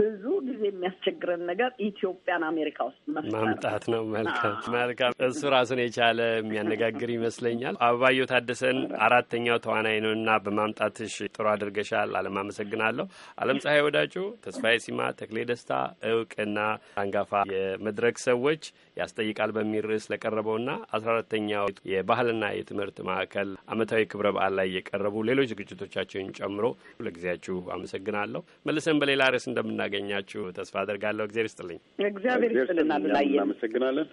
ብዙ ጊዜ የሚያስቸግረን ነገር ኢትዮጵያን አሜሪካ ውስጥ ማምጣት ነው። መልካም መልካም። እሱ ራሱን የቻለ የሚያነጋግር ይመስለኛል። አበባየሁ ታደሰን አራተኛው ተዋናይ ነውና በማምጣትሽ ጥሩ አድርገሻል። አለም አመሰግናለሁ። አለም ፀሐይ ወዳጩ ተስፋዬ ሲማ፣ ተክሌ ደስታ እውቅና አንጋፋ የመድረክ ሰዎች ያስጠይቃል በሚል ርዕስ ለቀረበውና አስራ አራተኛው የባህልና የትምህርት ማዕከል አመታዊ ክብረ በዓል ላይ የቀረቡ ሌሎች ዝግጅቶቻችሁን ጨምሮ ለጊዜያችሁ አመሰግናለሁ። መልሰን በሌላ ርዕስ እንደምናገኛችሁ ተስፋ አደርጋለሁ። እግዜር ይስጥልኝ። እግዚአብሔር ይስጥልናል። አመሰግናለን።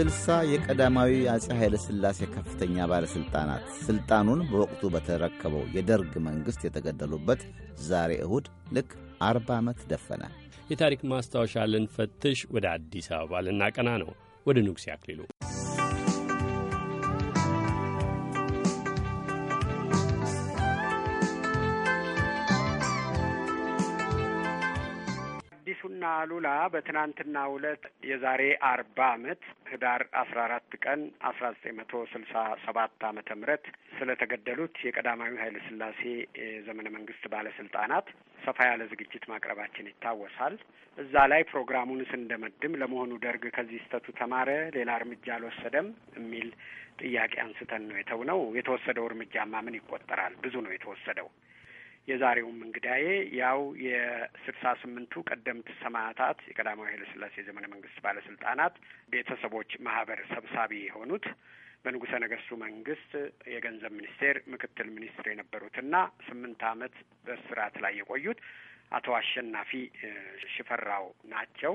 ስልሳ የቀዳማዊ አጼ ኃይለ ሥላሴ ከፍተኛ ባለሥልጣናት ሥልጣኑን በወቅቱ በተረከበው የደርግ መንግሥት የተገደሉበት ዛሬ እሁድ ልክ አርባ ዓመት ደፈነ። የታሪክ ማስታወሻ ልንፈትሽ ወደ አዲስ አበባ ልናቀና ነው። ወደ ንጉሴ አክሊሉ አሉላ በትናንትና ዕለት የዛሬ አርባ አመት ህዳር አስራ አራት ቀን አስራ ዘጠኝ መቶ ስልሳ ሰባት አመተ ምህረት ስለተገደሉት የቀዳማዊ ኃይለ ስላሴ ዘመነ መንግስት ባለስልጣናት ሰፋ ያለ ዝግጅት ማቅረባችን ይታወሳል። እዛ ላይ ፕሮግራሙን ስንደመድም ለመሆኑ ደርግ ከዚህ ስህተቱ ተማረ፣ ሌላ እርምጃ አልወሰደም የሚል ጥያቄ አንስተን ነው የተውነው። የተወሰደው እርምጃማ ምን ይቆጠራል? ብዙ ነው የተወሰደው። የዛሬውም እንግዳዬ ያው የስልሳ ስምንቱ ቀደምት ሰማዕታት የቀዳማዊ ኃይለሥላሴ ዘመነ መንግስት ባለስልጣናት ቤተሰቦች ማህበር ሰብሳቢ የሆኑት በንጉሰ ነገስቱ መንግስት የገንዘብ ሚኒስቴር ምክትል ሚኒስትር የነበሩትና ስምንት ዓመት በስርዓት ላይ የቆዩት አቶ አሸናፊ ሽፈራው ናቸው።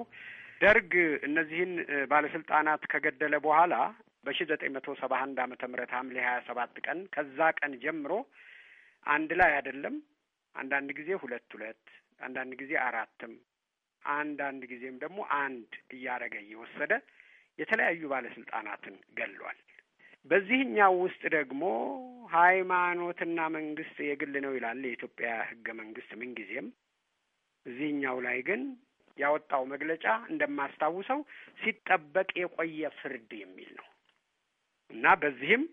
ደርግ እነዚህን ባለስልጣናት ከገደለ በኋላ በሺ ዘጠኝ መቶ ሰባ አንድ አመተ ምህረት ሐምሌ ሀያ ሰባት ቀን ከዛ ቀን ጀምሮ አንድ ላይ አይደለም አንዳንድ ጊዜ ሁለት ሁለት፣ አንዳንድ ጊዜ አራትም፣ አንዳንድ ጊዜም ደግሞ አንድ እያደረገ እየወሰደ የተለያዩ ባለስልጣናትን ገሏል። በዚህኛው ውስጥ ደግሞ ሃይማኖትና መንግስት የግል ነው ይላል የኢትዮጵያ ህገ መንግስት ምንጊዜም። እዚህኛው ላይ ግን ያወጣው መግለጫ እንደማስታውሰው ሲጠበቅ የቆየ ፍርድ የሚል ነው እና በዚህም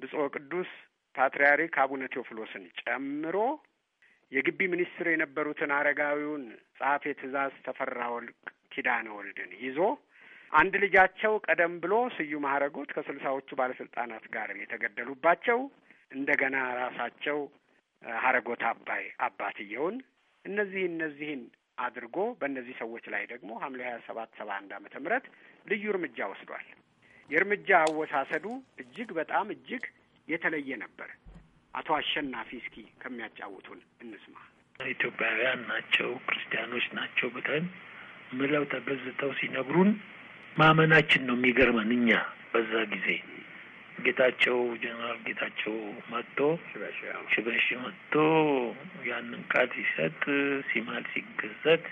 ብፁዕ ቅዱስ ፓትርያርክ አቡነ ቴዎፍሎስን ጨምሮ የግቢ ሚኒስትር የነበሩትን አረጋዊውን ጸሐፌ ትእዛዝ ተፈራ ወልቅ ኪዳነ ወልድን ይዞ አንድ ልጃቸው ቀደም ብሎ ስዩም ሀረጉት ከስልሳዎቹ ባለስልጣናት ጋር የተገደሉባቸው እንደገና ራሳቸው ሀረጎት አባይ አባትየውን እነዚህ እነዚህን አድርጎ በእነዚህ ሰዎች ላይ ደግሞ ሐምሌ ሀያ ሰባት ሰባ አንድ ዓመተ ምህረት ልዩ እርምጃ ወስዷል። የእርምጃ አወሳሰዱ እጅግ በጣም እጅግ የተለየ ነበር። አቶ አሸናፊ እስኪ ከሚያጫውቱን እንስማ። ኢትዮጵያውያን ናቸው፣ ክርስቲያኖች ናቸው ብለን ምለው ተገዝተው ሲነግሩን ማመናችን ነው የሚገርመን። እኛ በዛ ጊዜ ጌታቸው ጀነራል ጌታቸው መጥቶ ሽበሽ መጥቶ ያንን ቃል ሲሰጥ ሲማል ሲገዘት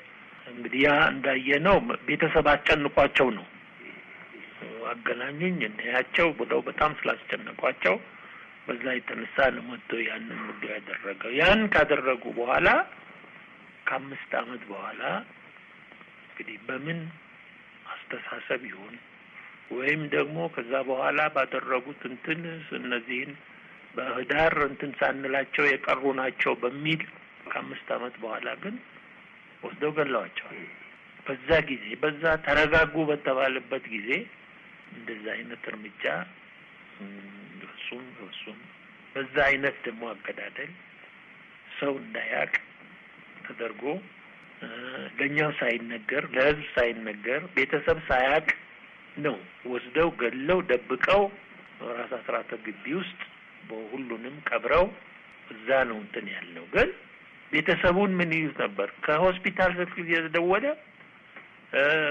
እንግዲህ ያ እንዳየ ነው። ቤተሰብ አስጨንቋቸው ነው አገናኙኝ እናያቸው ብለው በጣም ስላስጨነቋቸው በዛ የተነሳ ነው መጥቶ ያንን ያደረገው። ያን ካደረጉ በኋላ ከአምስት ዓመት በኋላ እንግዲህ በምን አስተሳሰብ ይሆን ወይም ደግሞ ከዛ በኋላ ባደረጉት እንትን እነዚህን በህዳር እንትን ሳንላቸው የቀሩ ናቸው በሚል ከአምስት ዓመት በኋላ ግን ወስደው ገለዋቸዋል። በዛ ጊዜ በዛ ተረጋጉ በተባለበት ጊዜ እንደዛ አይነት እርምጃ እሱም እሱም በዛ አይነት ደግሞ አገዳደል ሰው እንዳያቅ ተደርጎ ለእኛው ሳይነገር ለህዝብ ሳይነገር ቤተሰብ ሳያቅ ነው ወስደው ገለው ደብቀው ራስ አስራተ ግቢ ውስጥ በሁሉንም ቀብረው እዛ ነው እንትን ያለው። ግን ቤተሰቡን ምን ይዩት ነበር? ከሆስፒታል ስልክ እየተደወለ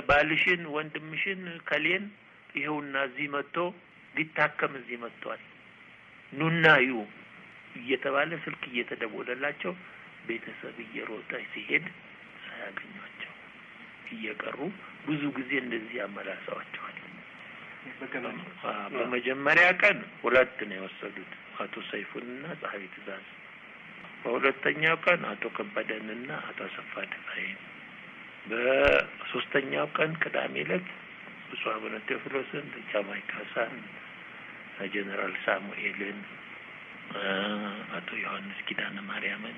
ባልሽን፣ ወንድምሽን፣ ከሌን ይኸውና እዚህ መጥቶ ሊታከም እዚህ መጥቷል፣ ኑና ዩ እየተባለ ስልክ እየተደወለላቸው ቤተሰብ እየሮጠ ሲሄድ ሳያገኟቸው እየቀሩ ብዙ ጊዜ እንደዚህ አመላሰዋቸዋል። በመጀመሪያ ቀን ሁለት ነው የወሰዱት አቶ ሰይፉንና ጸሐፊ ትእዛዝ፣ በሁለተኛው ቀን አቶ እና አቶ አሰፋ ድፋይን። በሶስተኛው ቀን ቅዳሜ ዕለት ብፁዕ አቡነ ቴዎፍሎስን፣ ጃማይካሳን ጀኔራል ሳሙኤልን፣ አቶ ዮሐንስ ኪዳነ ማርያምን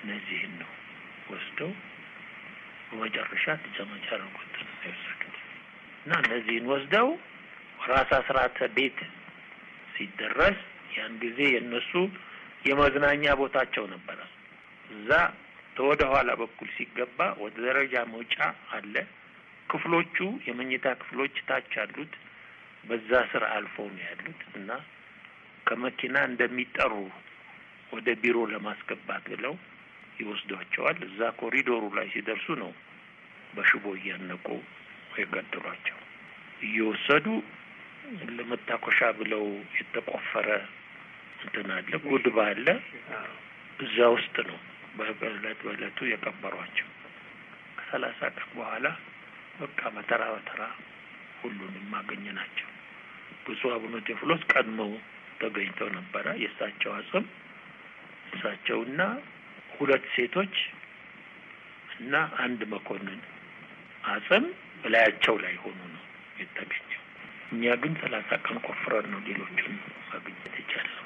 እነዚህን ነው ወስደው በመጨረሻ ዘመቻ ርጉትን የወሰዱት እና እነዚህን ወስደው ራሳ ስርዓተ ቤት ሲደረስ ያን ጊዜ የእነሱ የመዝናኛ ቦታቸው ነበረ። እዛ ተወደ ኋላ በኩል ሲገባ ወደ ደረጃ መውጫ አለ። ክፍሎቹ የመኝታ ክፍሎች ታች አሉት። በዛ ስራ አልፈው ነው ያሉት እና ከመኪና እንደሚጠሩ ወደ ቢሮ ለማስገባት ብለው ይወስዷቸዋል። እዛ ኮሪዶሩ ላይ ሲደርሱ ነው በሽቦ እያነቁ የገደሏቸው። እየወሰዱ ለመታኮሻ ብለው የተቆፈረ እንትን አለ፣ ጉድባ አለ። እዛ ውስጥ ነው በእለት በእለቱ የቀበሯቸው። ከሰላሳ ቀን በኋላ በቃ በተራ በተራ ሁሉንም አገኘ ናቸው። ብፁዕ አቡነ ቴዎፍሎስ ቀድመው ተገኝተው ነበረ። የእሳቸው አጽም እሳቸውና ሁለት ሴቶች እና አንድ መኮንን አጽም በላያቸው ላይ ሆኑ ነው የተገኘው። እኛ ግን ሰላሳ ቀን ቆፍረን ነው ሌሎቹን ማግኘት የቻልነው።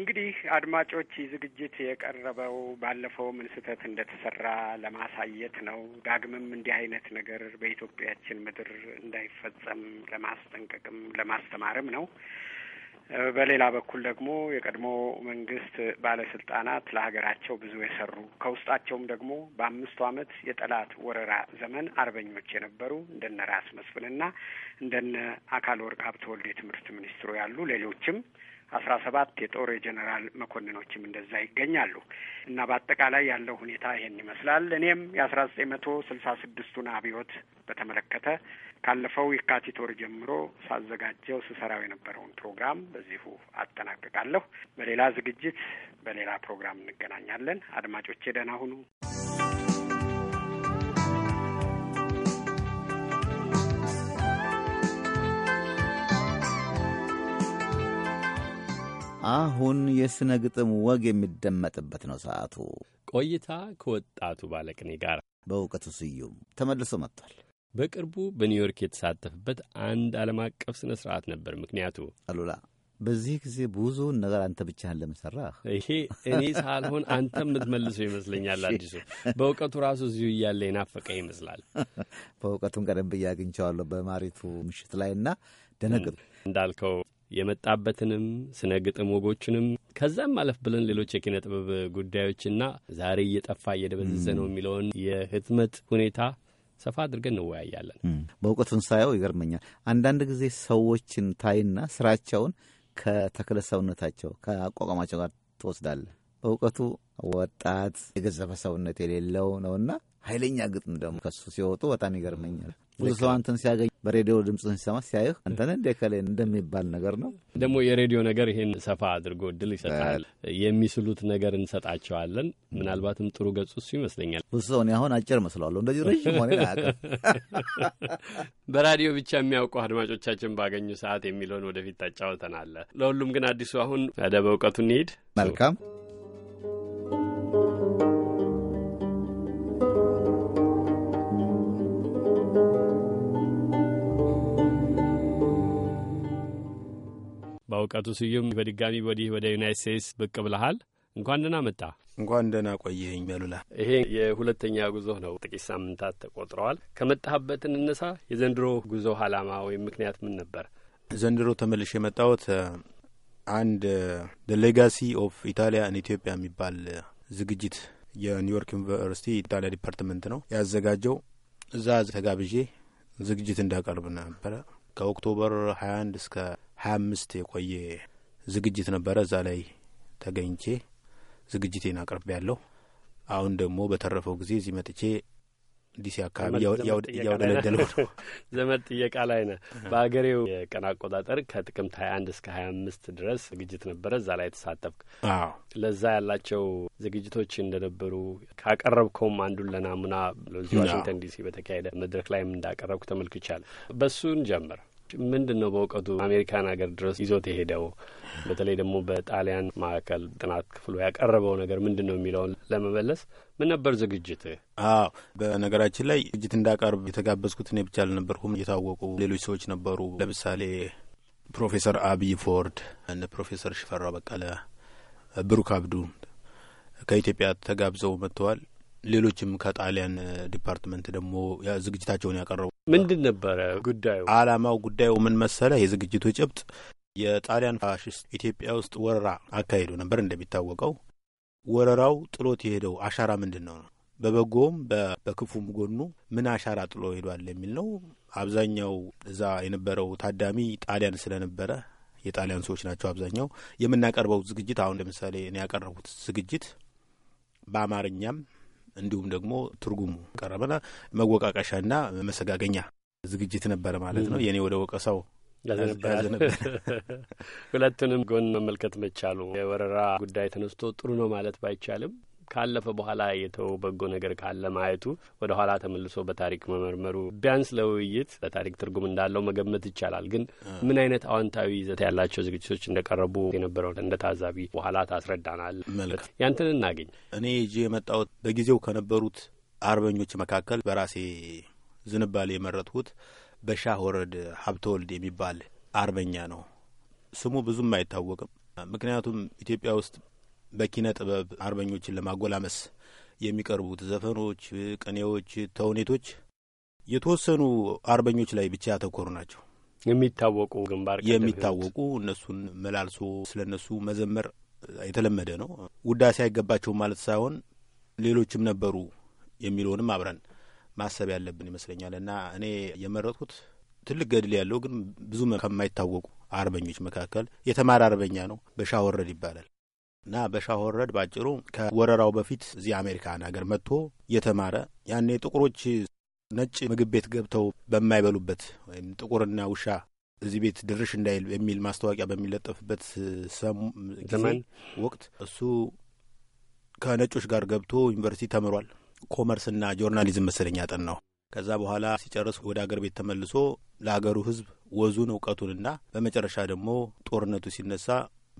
እንግዲህ አድማጮች ዝግጅት የቀረበው ባለፈው ምን ስህተት እንደተሰራ ለማሳየት ነው። ዳግምም እንዲህ አይነት ነገር በኢትዮጵያችን ምድር እንዳይፈጸም ለማስጠንቀቅም ለማስተማርም ነው። በሌላ በኩል ደግሞ የቀድሞ መንግስት ባለስልጣናት ለሀገራቸው ብዙ የሰሩ ከውስጣቸውም ደግሞ በአምስቱ ዓመት የጠላት ወረራ ዘመን አርበኞች የነበሩ እንደነ ራስ መስፍንና እንደነ አካል ወርቅ ሀብተወልድ የትምህርት ሚኒስትሩ ያሉ ሌሎችም አስራ ሰባት የጦር የጀኔራል መኮንኖችም እንደዛ ይገኛሉ እና በአጠቃላይ ያለው ሁኔታ ይሄን ይመስላል። እኔም የአስራ ዘጠኝ መቶ ስልሳ ስድስቱን አብዮት በተመለከተ ካለፈው የካቲት ወር ጀምሮ ሳዘጋጀው ስሰራው የነበረውን ፕሮግራም በዚሁ አጠናቅቃለሁ። በሌላ ዝግጅት በሌላ ፕሮግራም እንገናኛለን። አድማጮቼ ደህና ሁኑ። አሁን የሥነ ግጥም ወግ የሚደመጥበት ነው ሰዓቱ። ቆይታ ከወጣቱ ባለቅኔ ጋር በእውቀቱ ስዩም ተመልሶ መጥቷል። በቅርቡ በኒውዮርክ የተሳተፍበት አንድ ዓለም አቀፍ ሥነ ሥርዓት ነበር ምክንያቱ አሉላ በዚህ ጊዜ ብዙውን ነገር አንተ ብቻህን ለምሰራ ይሄ እኔ ሳልሆን አንተ የምትመልሰው ይመስለኛል። አዲሱ በእውቀቱ ራሱ እዚሁ እያለ የናፈቀ ይመስላል። በእውቀቱን ቀደም ብዬ አግኝቼዋለሁ በማሪቱ ምሽት ላይ እና ደነግጥ እንዳልከው የመጣበትንም ስነ ግጥም ወጎቹንም ከዛም አለፍ ብለን ሌሎች የኪነ ጥበብ ጉዳዮችና ዛሬ እየጠፋ እየደበዘዘ ነው የሚለውን የህትመት ሁኔታ ሰፋ አድርገን እንወያያለን። በእውቀቱን ሳየው ይገርመኛል። አንዳንድ ጊዜ ሰዎችን ታይና ስራቸውን ከተክለ ሰውነታቸው ከአቋቋማቸው ጋር ትወስዳለህ። በእውቀቱ ወጣት የገዘፈ ሰውነት የሌለው ነውና ኃይለኛ ግጥም ደግሞ ከሱ ሲወጡ በጣም ይገርመኛል። ብዙ ሰው አንተን ሲያገኝ በሬዲዮ ድምፅህን ሲሰማ ሲያይህ አንተን እንደ ከላይ እንደሚባል ነገር ነው። ደግሞ የሬዲዮ ነገር ይሄን ሰፋ አድርጎ እድል ይሰጣል። የሚስሉት ነገር እንሰጣቸዋለን። ምናልባትም ጥሩ ገጹ እሱ ይመስለኛል። ብዙ ሰው እኔ አሁን አጭር መስለዋለሁ፣ እንደዚህ ረዥም ሆኔ አያውቅም። በራዲዮ ብቻ የሚያውቁ አድማጮቻችን ባገኙ ሰዓት የሚለውን ወደፊት ታጫወተናለ። ለሁሉም ግን አዲሱ አሁን ወደ በእውቀቱ እንሄድ። መልካም በእውቀቱ ስዩም በድጋሚ ወዲህ ወደ ዩናይት ስቴትስ ብቅ ብለሃል። እንኳን ደህና መጣ። እንኳን ደህና ቆየኝ በሉላ። ይሄ የሁለተኛ ጉዞ ነው፣ ጥቂት ሳምንታት ተቆጥረዋል። ከመጣህበት እንነሳ። የዘንድሮ ጉዞ አላማ ወይም ምክንያት ምን ነበር? ዘንድሮ ተመልሼ የመጣሁት አንድ ደ ሌጋሲ ኦፍ ኢታሊያ ን ኢትዮጵያ የሚባል ዝግጅት የኒውዮርክ ዩኒቨርሲቲ ኢታሊያ ዲፓርትመንት ነው ያዘጋጀው። እዛ ተጋብዤ ዝግጅት እንዳቀርብ ነበረ። ከኦክቶበር ሀያ አንድ እስከ ሀያ አምስት የቆየ ዝግጅት ነበረ። እዛ ላይ ተገኝቼ ዝግጅቴን አቅርቤ ያለሁ። አሁን ደግሞ በተረፈው ጊዜ እዚህ መጥቼ ዲሲ አካባቢ እያውደለደለ ነው። ዘመድ ጥየቃ ላይ ነ በሀገሬው የቀን አቆጣጠር ከጥቅምት ሀያ አንድ እስከ ሀያ አምስት ድረስ ዝግጅት ነበረ። እዛ ላይ ተሳተፍክ። ለዛ ያላቸው ዝግጅቶች እንደነበሩ ካቀረብከውም አንዱን ለናሙና በዚህ ዋሽንግተን ዲሲ በተካሄደ መድረክ ላይም እንዳቀረብኩ ተመልክቻል። በሱን ጀምር ምንድን ነው በእውቀቱ አሜሪካን ሀገር ድረስ ይዞት የሄደው በተለይ ደግሞ በጣሊያን ማዕከል ጥናት ክፍሉ ያቀረበው ነገር ምንድን ነው የሚለውን ለመመለስ ምን ነበር ዝግጅት? አዎ በነገራችን ላይ ዝግጅት እንዳቀርብ የተጋበዝኩት እኔ ብቻ አልነበርኩም። የታወቁ ሌሎች ሰዎች ነበሩ። ለምሳሌ ፕሮፌሰር አብይ ፎርድ፣ ፕሮፌሰር ሽፈራው በቀለ፣ ብሩክ አብዱ ከኢትዮጵያ ተጋብዘው መጥተዋል። ሌሎችም ከጣሊያን ዲፓርትመንት ደግሞ ዝግጅታቸውን ያቀረቡ ምንድን ነበረ ጉዳዩ? አላማው ጉዳዩ ምን መሰለ? የዝግጅቱ ጭብጥ የጣሊያን ፋሽስት ኢትዮጵያ ውስጥ ወረራ አካሄዱ ነበር። እንደሚታወቀው ወረራው ጥሎት የሄደው አሻራ ምንድን ነው ነው በበጎም በክፉም ጎኑ ምን አሻራ ጥሎ ሄዷል የሚል ነው። አብዛኛው እዛ የነበረው ታዳሚ ጣሊያን ስለነበረ የጣሊያን ሰዎች ናቸው። አብዛኛው የምናቀርበው ዝግጅት አሁን ለምሳሌ እኔ ያቀረቡት ዝግጅት በአማርኛም እንዲሁም ደግሞ ትርጉሙ ቀረበና መወቃቀሻና መሰጋገኛ ዝግጅት ነበረ ማለት ነው። የኔ ወደ ወቀሳው ሁለቱንም ጎን መመልከት መቻሉ የወረራ ጉዳይ ተነስቶ ጥሩ ነው ማለት ባይቻልም ካለፈ በኋላ የተው በጎ ነገር ካለ ማየቱ ወደ ኋላ ተመልሶ በታሪክ መመርመሩ ቢያንስ ለውይይት ለታሪክ ትርጉም እንዳለው መገመት ይቻላል። ግን ምን አይነት አዋንታዊ ይዘት ያላቸው ዝግጅቶች እንደቀረቡ የነበረው እንደ ታዛቢ በኋላ ታስረዳናል። ያንተን እናገኝ። እኔ ይዤ የመጣሁት በጊዜው ከነበሩት አርበኞች መካከል በራሴ ዝንባሌ የመረጥሁት በሻህ ወረድ ሀብተወልድ የሚባል አርበኛ ነው። ስሙ ብዙም አይታወቅም። ምክንያቱም ኢትዮጵያ ውስጥ በኪነ ጥበብ አርበኞችን ለማጎላመስ የሚቀርቡት ዘፈኖች፣ ቅኔዎች፣ ተውኔቶች የተወሰኑ አርበኞች ላይ ብቻ ያተኮሩ ናቸው። የሚታወቁ ግንባር የሚታወቁ እነሱን መላልሶ ስለ እነሱ መዘመር የተለመደ ነው። ውዳሴ አይገባቸውም ማለት ሳይሆን ሌሎችም ነበሩ የሚለውንም አብረን ማሰብ ያለብን ይመስለኛል። እና እኔ የመረጥኩት ትልቅ ገድል ያለው ግን ብዙ ከማይታወቁ አርበኞች መካከል የተማረ አርበኛ ነው። በሻወረድ ይባላል። እና በሻሆረድ ባጭሩ ከወረራው በፊት እዚህ አሜሪካን ሀገር መጥቶ የተማረ ያኔ ጥቁሮች ነጭ ምግብ ቤት ገብተው በማይበሉበት ወይም ጥቁርና ውሻ እዚህ ቤት ድርሽ እንዳይል የሚል ማስታወቂያ በሚለጠፍበት ዘመን ወቅት እሱ ከነጮች ጋር ገብቶ ዩኒቨርሲቲ ተምሯል። ኮመርስና ጆርናሊዝም መሰለኝ ያጠናው። ከዛ በኋላ ሲጨርስ ወደ አገር ቤት ተመልሶ ለአገሩ ሕዝብ ወዙን እውቀቱንና በመጨረሻ ደግሞ ጦርነቱ ሲነሳ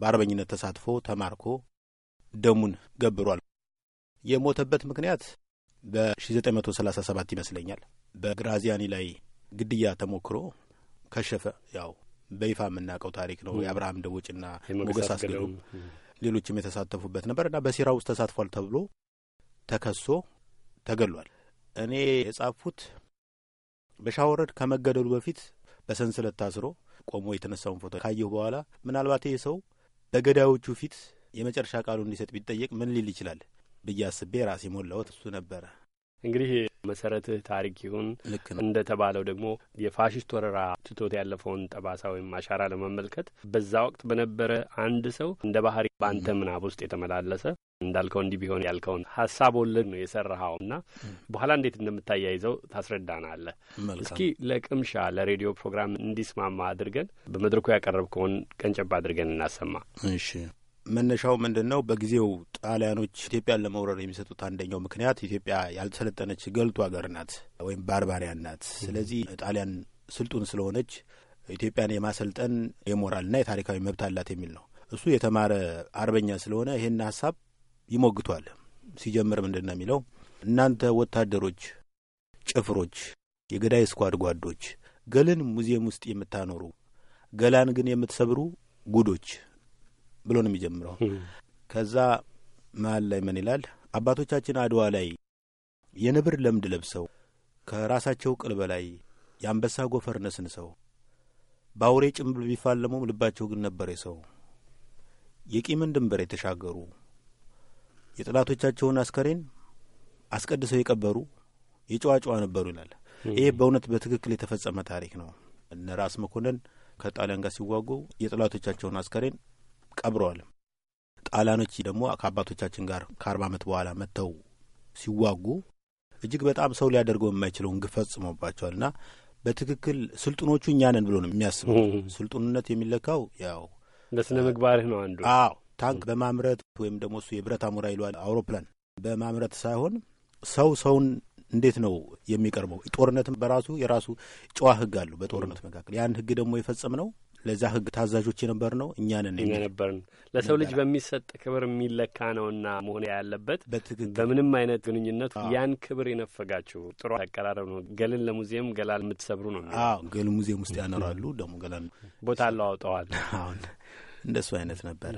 በአርበኝነት ተሳትፎ ተማርኮ ደሙን ገብሯል። የሞተበት ምክንያት በ1937 ይመስለኛል በግራዚያኒ ላይ ግድያ ተሞክሮ ከሸፈ። ያው በይፋ የምናውቀው ታሪክ ነው። የአብርሃም ደቦጭና ሞገስ አስገዶ ሌሎችም የተሳተፉበት ነበር እና በሴራ ውስጥ ተሳትፏል ተብሎ ተከሶ ተገሏል። እኔ የጻፍኩት በሻወረድ ከመገደሉ በፊት በሰንሰለት ታስሮ ቆሞ የተነሳውን ፎቶ ካየሁ በኋላ ምናልባት ይህ ሰው በገዳዮቹ ፊት የመጨረሻ ቃሉ እንዲሰጥ ቢጠየቅ ምን ሊል ይችላል ብዬ አስቤ ራሴ ሞላሁት። እሱ ነበረ እንግዲህ መሰረትህ ታሪክ ይሁን ልክ ነው እንደ ተባለው ደግሞ የፋሽስት ወረራ ትቶት ያለፈውን ጠባሳ ወይም አሻራ ለመመልከት በዛ ወቅት በነበረ አንድ ሰው እንደ ባህሪ በአንተ ምናብ ውስጥ የተመላለሰ እንዳልከው እንዲህ ቢሆን ያልከውን ሀሳብ ወለድ ነው የሰራኸው እና በኋላ እንዴት እንደምታያይዘው ታስረዳናለህ። እስኪ ለቅምሻ ለሬዲዮ ፕሮግራም እንዲስማማ አድርገን በመድረኩ ያቀረብከውን ቀንጨባ አድርገን እናሰማ። እሺ መነሻው ምንድን ነው? በጊዜው ጣሊያኖች ኢትዮጵያን ለመውረር የሚሰጡት አንደኛው ምክንያት ኢትዮጵያ ያልሰለጠነች ገልቱ ሀገር ናት ወይም ባርባሪያን ናት። ስለዚህ ጣሊያን ስልጡን ስለሆነች ኢትዮጵያን የማሰልጠን የሞራልና የታሪካዊ መብት አላት የሚል ነው። እሱ የተማረ አርበኛ ስለሆነ ይህን ሀሳብ ይሞግቷል። ሲጀምር ምንድን ነው የሚለው እናንተ ወታደሮች፣ ጭፍሮች፣ የገዳይ ስኳድ ጓዶች፣ ገልን ሙዚየም ውስጥ የምታኖሩ ገላን ግን የምትሰብሩ ጉዶች ብሎ ነው የሚጀምረው። ከዛ መሀል ላይ ምን ይላል? አባቶቻችን አድዋ ላይ የነብር ለምድ ለብሰው ከራሳቸው ቅል በላይ የአንበሳ ጎፈር ነስን ሰው በአውሬ ጭምብል ቢፋለሙም ልባቸው ግን ነበር የሰው የቂምን ድንበር የተሻገሩ የጠላቶቻቸውን አስከሬን አስቀድሰው የቀበሩ የጨዋጨዋ ነበሩ ይላል። ይሄ በእውነት በትክክል የተፈጸመ ታሪክ ነው። እነ ራስ መኮንን ከጣሊያን ጋር ሲዋጉ የጠላቶቻቸውን አስከሬን ቀብረዋል ጣሊያኖች ደግሞ ከአባቶቻችን ጋር ከአርባ ዓመት በኋላ መጥተው ሲዋጉ እጅግ በጣም ሰው ሊያደርገው የማይችለውን ግፍ ፈጽሞባቸዋል እና በትክክል ስልጡኖቹ እኛ ነን ብሎ ነው የሚያስበው። ስልጡንነት የሚለካው ያው በስነ ምግባርህ ነው አንዱ። አዎ ታንክ በማምረት ወይም ደግሞ እሱ የብረት አሞራ ይሏል አውሮፕላን በማምረት ሳይሆን ሰው ሰውን እንዴት ነው የሚቀርበው? ጦርነትም በራሱ የራሱ ጨዋ ህግ አሉ በጦርነት መካከል ያን ህግ ደግሞ የፈጸም ነው ለዛ ህግ ታዛዦች የነበር ነው እኛ ነበርን። ለሰው ልጅ በሚሰጥ ክብር የሚለካ ነውና መሆን ያለበት በትክክል በምንም አይነት ግንኙነት ያን ክብር የነፈጋችሁ ጥሩ አቀራረብ ነው። ገልን ለሙዚየም ገላል የምትሰብሩ ነው። አዎ ገል ሙዚየም ውስጥ ያኖራሉ ደግሞ ገላ ቦታ አለው አውጠዋል። አሁን እንደሱ አይነት ነበረ።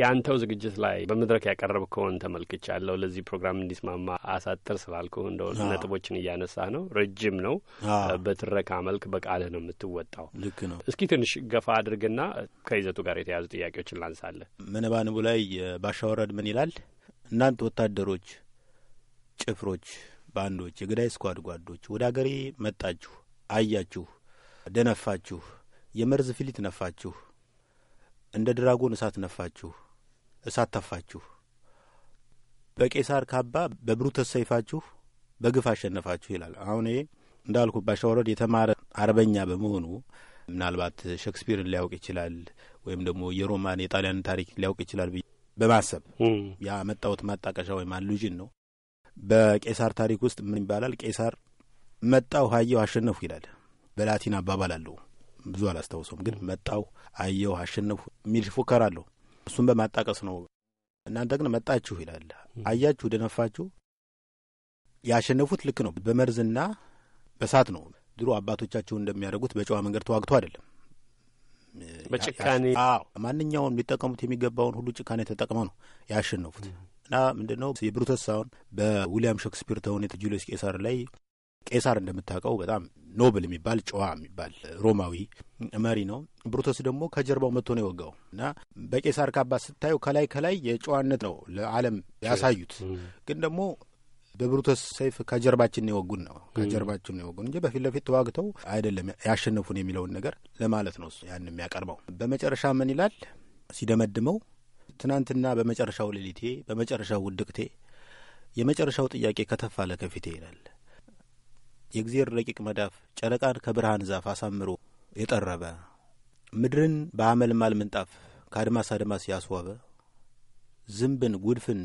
የአንተው ዝግጅት ላይ በመድረክ ያቀረብ ከሆን ተመልክቻለሁ። ለዚህ ፕሮግራም እንዲስማማ አሳጥር ስላልኩህ እንደሆነ ነጥቦችን እያነሳ ነው። ረጅም ነው። በትረካ መልክ በቃልህ ነው የምትወጣው። ልክ ነው። እስኪ ትንሽ ገፋ አድርግና ከይዘቱ ጋር የተያዙ ጥያቄዎችን ላንሳለህ። ምንባንቡ ላይ ባሻወረድ ምን ይላል? እናንተ ወታደሮች፣ ጭፍሮች፣ ባንዶች፣ የገዳይ ስኳድ ጓዶች ወደ አገሬ መጣችሁ፣ አያችሁ፣ ደነፋችሁ፣ የመርዝ ፊሊት ነፋችሁ እንደ ድራጎን እሳት ነፋችሁ፣ እሳት ተፋችሁ። በቄሳር ካባ በብሩ ተሰይፋችሁ በግፍ አሸነፋችሁ ይላል። አሁን ይሄ እንዳልኩ ባሻወረድ የተማረ አርበኛ በመሆኑ ምናልባት ሼክስፒርን ሊያውቅ ይችላል ወይም ደግሞ የሮማን የጣሊያን ታሪክ ሊያውቅ ይችላል በማሰብ ያመጣሁት ማጣቀሻ ወይም አሉዥን ነው። በቄሳር ታሪክ ውስጥ ምን ይባላል? ቄሳር መጣሁ፣ አየሁ፣ አሸነፉ ይላል። በላቲን አባባል አለው። ብዙ አላስታውሰውም፣ ግን መጣው አየሁ አሸነፉ የሚል ፉከራ አለሁ። እሱን በማጣቀስ ነው። እናንተ ግን መጣችሁ ይላል። አያችሁ፣ ደነፋችሁ። ያሸነፉት ልክ ነው፣ በመርዝና በሳት ነው። ድሮ አባቶቻቸው እንደሚያደርጉት በጨዋ መንገድ ተዋግቶ አይደለም በጭካኔ ማንኛውን የሚጠቀሙት የሚገባውን ሁሉ ጭካኔ ተጠቅመው ነው ያሸነፉት። እና ምንድን ነው የብሩተስ ሳሁን በዊሊያም ሼክስፒር ተውኔት ጁልዮስ ቄሳር ላይ ቄሳር እንደምታውቀው በጣም ኖብል የሚባል ጨዋ የሚባል ሮማዊ መሪ ነው። ብሩተስ ደግሞ ከጀርባው መጥቶ ነው የወጋው እና በቄሳር ካባ ስታዩ ከላይ ከላይ የጨዋነት ነው ለዓለም ያሳዩት። ግን ደግሞ በብሩተስ ሰይፍ ከጀርባችን የወጉን ነው ከጀርባችን የወጉን እንጂ በፊት ለፊት ተዋግተው አይደለም ያሸነፉን የሚለውን ነገር ለማለት ነው ያን የሚያቀርበው። በመጨረሻ ምን ይላል ሲደመድመው ትናንትና በመጨረሻው ሌሊቴ፣ በመጨረሻው ውድቅቴ፣ የመጨረሻው ጥያቄ ከተፋለ ከፊቴ ይላል የእግዜር ረቂቅ መዳፍ ጨረቃን ከብርሃን ዛፍ አሳምሮ የጠረበ ምድርን በአመልማል ምንጣፍ ከአድማስ አድማስ ያስዋበ ዝንብን፣ ጉድፍን፣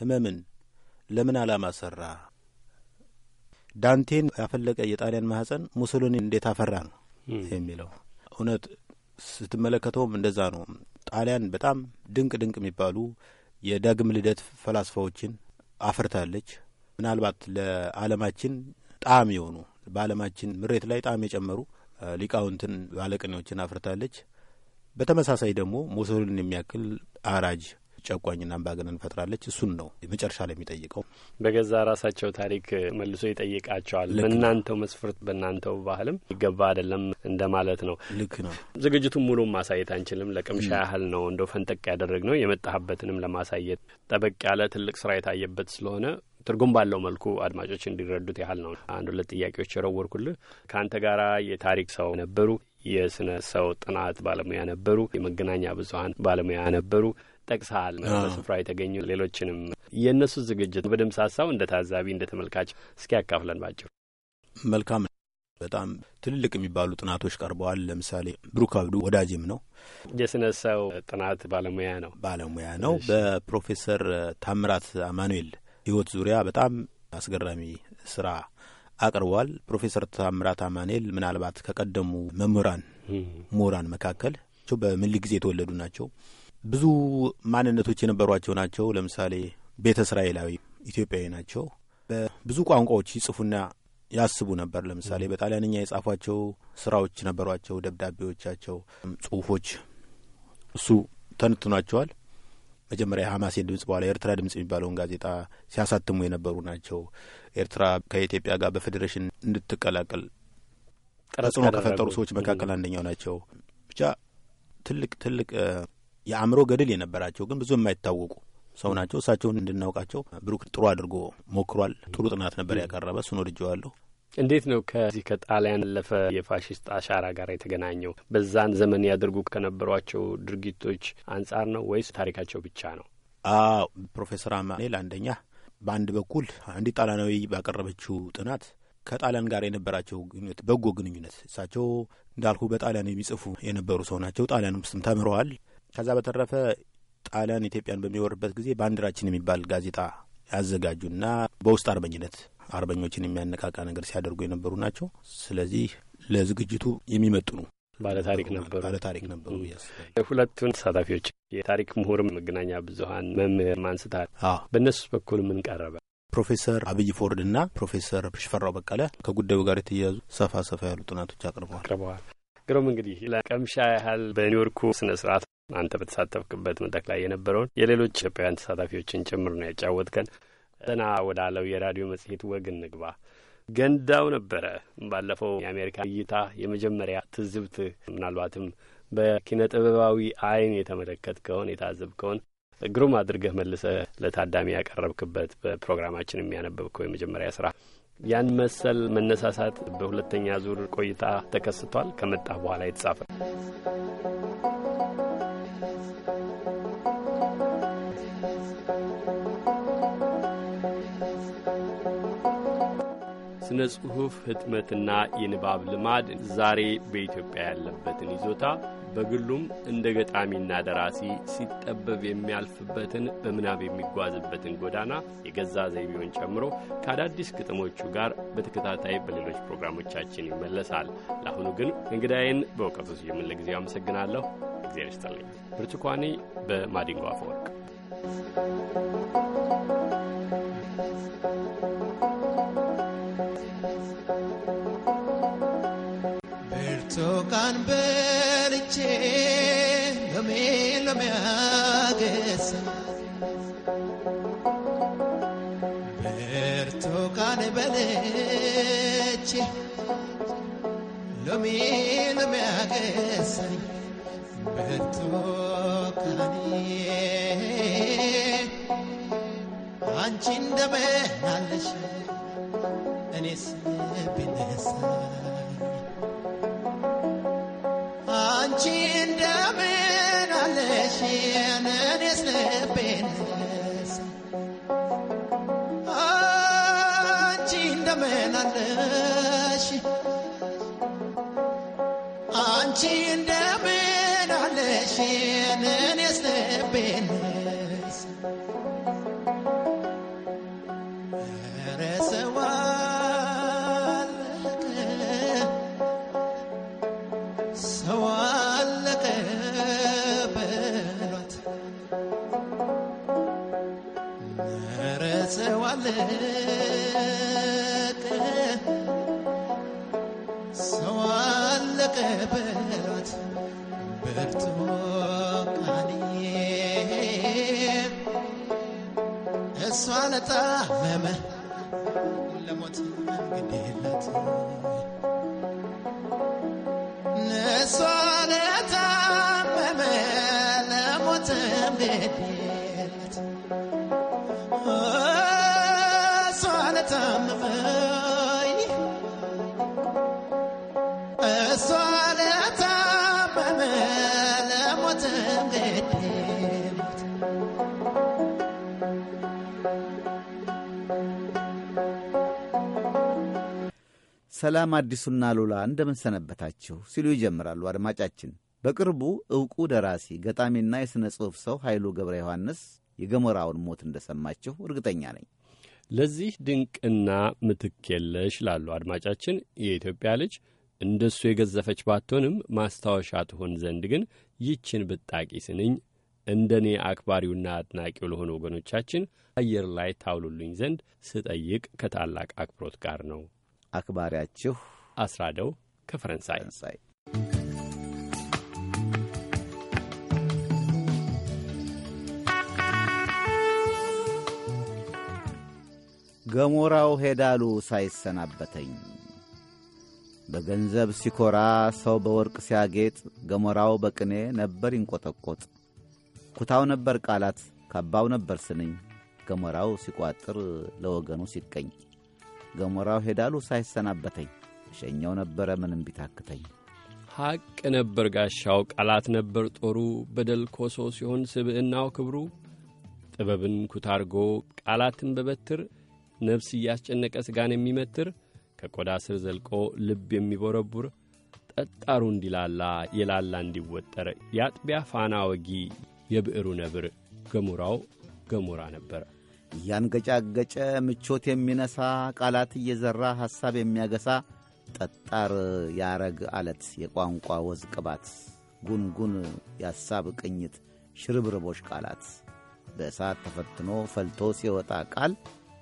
ህመምን ለምን ዓላማ ሰራ? ዳንቴን ያፈለቀ የጣሊያን ማህፀን ሙሶሎኒ እንዴት አፈራ ነው የሚለው። እውነት ስትመለከተውም እንደዛ ነው። ጣሊያን በጣም ድንቅ ድንቅ የሚባሉ የዳግም ልደት ፈላስፋዎችን አፍርታለች። ምናልባት ለዓለማችን ጣዕም የሆኑ በዓለማችን ምሬት ላይ ጣዕም የጨመሩ ሊቃውንትን ባለቅኔዎችን አፍርታለች። በተመሳሳይ ደግሞ ሞሶሊን የሚያክል አራጅ ጨቋኝና አምባገነን ፈጥራለች። እሱን ነው መጨረሻ ላይ የሚጠይቀው። በገዛ ራሳቸው ታሪክ መልሶ ይጠይቃቸዋል። በእናንተው መስፈርት፣ በእናንተው ባህልም ይገባ አይደለም እንደማለት ነው። ልክ ነው። ዝግጅቱን ሙሉም ማሳየት አንችልም። ለቅምሻ ያህል ነው እንደው ፈንጠቅ ያደረግ ነው። የመጣህበትንም ለማሳየት ጠበቅ ያለ ትልቅ ስራ የታየበት ስለሆነ ትርጉም ባለው መልኩ አድማጮች እንዲረዱት ያህል ነው። አንድ ሁለት ጥያቄዎች የረወርኩልህ ከአንተ ጋራ የታሪክ ሰው ነበሩ፣ የስነ ሰው ጥናት ባለሙያ ነበሩ፣ የመገናኛ ብዙኃን ባለሙያ ነበሩ ጠቅሰሃል። በስፍራ የተገኙ ሌሎችንም የእነሱ ዝግጅት በድምፅ ሀሳብ እንደ ታዛቢ እንደ ተመልካች እስኪ ያካፍለን ባጭሩ። መልካም። በጣም ትልልቅ የሚባሉ ጥናቶች ቀርበዋል። ለምሳሌ ብሩክ አብዱ ወዳጅም ነው፣ የስነ ሰው ጥናት ባለሙያ ነው ባለሙያ ነው። በፕሮፌሰር ታምራት አማኑኤል ህይወት ዙሪያ በጣም አስገራሚ ስራ አቅርቧል። ፕሮፌሰር ታምራት አማኔል ምናልባት ከቀደሙ መምህራን ምሁራን መካከል በምል ጊዜ የተወለዱ ናቸው። ብዙ ማንነቶች የነበሯቸው ናቸው። ለምሳሌ ቤተ እስራኤላዊ ኢትዮጵያዊ ናቸው። በብዙ ቋንቋዎች ይጽፉና ያስቡ ነበር። ለምሳሌ በጣሊያንኛ የጻፏቸው ስራዎች ነበሯቸው፣ ደብዳቤዎቻቸው፣ ጽሁፎች እሱ ተንትኗቸዋል። መጀመሪያ ሀማስ ድምጽ በኋላ የኤርትራ ድምጽ የሚባለውን ጋዜጣ ሲያሳትሙ የነበሩ ናቸው። ኤርትራ ከኢትዮጵያ ጋር በፌዴሬሽን እንድትቀላቀል ተጽዕኖ ከፈጠሩ ሰዎች መካከል አንደኛው ናቸው። ብቻ ትልቅ ትልቅ የአእምሮ ገድል የነበራቸው ግን ብዙ የማይታወቁ ሰው ናቸው። እሳቸውን እንድናውቃቸው ብሩክ ጥሩ አድርጎ ሞክሯል። ጥሩ ጥናት ነበር ያቀረበ እሱን ወድጀዋለሁ። እንዴት ነው ከዚህ ከጣሊያን ያለፈ የፋሽስት አሻራ ጋር የተገናኘው? በዛን ዘመን ያደርጉ ከነበሯቸው ድርጊቶች አንጻር ነው ወይስ ታሪካቸው ብቻ ነው? አዎ ፕሮፌሰር አማኔል አንደኛ በአንድ በኩል አንዲት ጣሊያናዊ ባቀረበችው ጥናት ከጣሊያን ጋር የነበራቸው ግንኙነት በጎ ግንኙነት እሳቸው እንዳልኩ በጣሊያን የሚጽፉ የነበሩ ሰው ናቸው። ጣሊያን ውስጥም ተምረዋል። ከዛ በተረፈ ጣሊያን ኢትዮጵያን በሚወርበት ጊዜ ባንዲራችን የሚባል ጋዜጣ ያዘጋጁና በውስጥ አርበኝነት አርበኞችን የሚያነቃቃ ነገር ሲያደርጉ የነበሩ ናቸው። ስለዚህ ለዝግጅቱ የሚመጥኑ ባለታሪክ ነበሩ ባለታሪክ ነበሩ። ሁለቱን ተሳታፊዎች የታሪክ ምሁር መገናኛ ብዙሀን መምህር ማንስታል በእነሱ በኩል ምን ቀረበ? ፕሮፌሰር አብይ ፎርድ እና ፕሮፌሰር ሽፈራው በቀለ ከጉዳዩ ጋር የተያያዙ ሰፋ ሰፋ ያሉ ጥናቶች አቅርበዋል አቅርበዋል። ግሩም እንግዲህ ለቀምሻ ያህል በኒውዮርኩ ስነ ስርዓት አንተ በተሳተፍክበት መድረክ ላይ የነበረውን የሌሎች ኢትዮጵያውያን ተሳታፊዎችን ጭምር ነው ያጫወትከን። ዘና ወዳለው የራዲዮ መጽሔት ወግ እንግባ። ገንዳው ነበረ ባለፈው የአሜሪካ እይታ የመጀመሪያ ትዝብት ምናልባትም በኪነ ጥበባዊ ዓይን የተመለከትከውን የታዘብከውን ግሩም አድርገህ መልሰህ ለታዳሚ ያቀረብክበት በፕሮግራማችን የሚያነበብከው የመጀመሪያ ስራ ያን መሰል መነሳሳት በሁለተኛ ዙር ቆይታ ተከስቷል። ከመጣ በኋላ የተጻፈ የሥነ ጽሑፍ ሕትመትና የንባብ ልማድ ዛሬ በኢትዮጵያ ያለበትን ይዞታ በግሉም እንደ ገጣሚና ደራሲ ሲጠበብ የሚያልፍበትን በምናብ የሚጓዝበትን ጎዳና የገዛ ዘይቤውን ጨምሮ ከአዳዲስ ግጥሞቹ ጋር በተከታታይ በሌሎች ፕሮግራሞቻችን ይመለሳል። ለአሁኑ ግን እንግዳዬን በእውቀቱ ስዩምን ለጊዜው አመሰግናለሁ። እግዜር ይስጥልኝ። ብርቱካኔ በማዲንጎ አፈወርቅ ቶቃን በልቼ ለሜ ለሚያገሳ ቶቃን በልቼ ሎሚ ለሚያገሳኝ በርቶካኔ አንቺ እንደምን አለሽ እኔስ ብነሳ አለሽ አንቺ እንደምን አለሽ እኔስ ልቤን በት በርቶ ቃሌም እሷ ለታመመ ለሞት መንገድ የለት እሷ ለታመመ ለሞት መንገድ የለት ሰላም አዲሱና ሉላ ሰነበታችሁ ሲሉ ይጀምራሉ አድማጫችን። በቅርቡ ዕውቁ ደራሲ ገጣሚና የሥነ ጽሑፍ ሰው ኃይሉ ገብረ ዮሐንስ የገሞራውን ሞት እንደሰማችሁ እርግጠኛ ነኝ። ለዚህ ድንቅና ምትክ የለሽ ላሉ አድማጫችን የኢትዮጵያ ልጅ እንደሱ የገዘፈች ባትሆንም ማስታወሻ ትሆን ዘንድ ግን ይችን ብጣቂ ስንኝ እንደ እኔ አክባሪውና አድናቂው ለሆኑ ወገኖቻችን አየር ላይ ታውሉልኝ ዘንድ ስጠይቅ ከታላቅ አክብሮት ጋር ነው። አክባሪያችሁ አስራደው ከፈረንሳይ ገሞራው ሄዳሉ ሳይሰናበተኝ በገንዘብ ሲኮራ ሰው በወርቅ ሲያጌጥ ገሞራው በቅኔ ነበር ይንቆጠቆጥ። ኩታው ነበር ቃላት ካባው ነበር ስንኝ ገሞራው ሲቋጥር ለወገኑ ሲቀኝ ገሞራው ሄዳሉ ሳይሰናበተኝ ሸኛው ነበረ ምንም ቢታክተኝ ሐቅ ነበር ጋሻው ቃላት ነበር ጦሩ በደል ኮሶ ሲሆን ስብዕናው ክብሩ ጥበብን ኩታርጎ ቃላትን በበትር ነፍስ እያስጨነቀ ሥጋን የሚመትር ከቆዳ ስር ዘልቆ ልብ የሚቦረቡር ጠጣሩ እንዲላላ የላላ እንዲወጠር የአጥቢያ ፋና ወጊ የብዕሩ ነብር ገሞራው ገሞራ ነበር። እያንገጫገጨ ምቾት የሚነሳ ቃላት እየዘራ ሐሳብ የሚያገሳ ጠጣር ያረግ አለት የቋንቋ ወዝ ቅባት ጉንጉን የሐሳብ ቅኝት ሽርብርቦች ቃላት በእሳት ተፈትኖ ፈልቶ ሲወጣ ቃል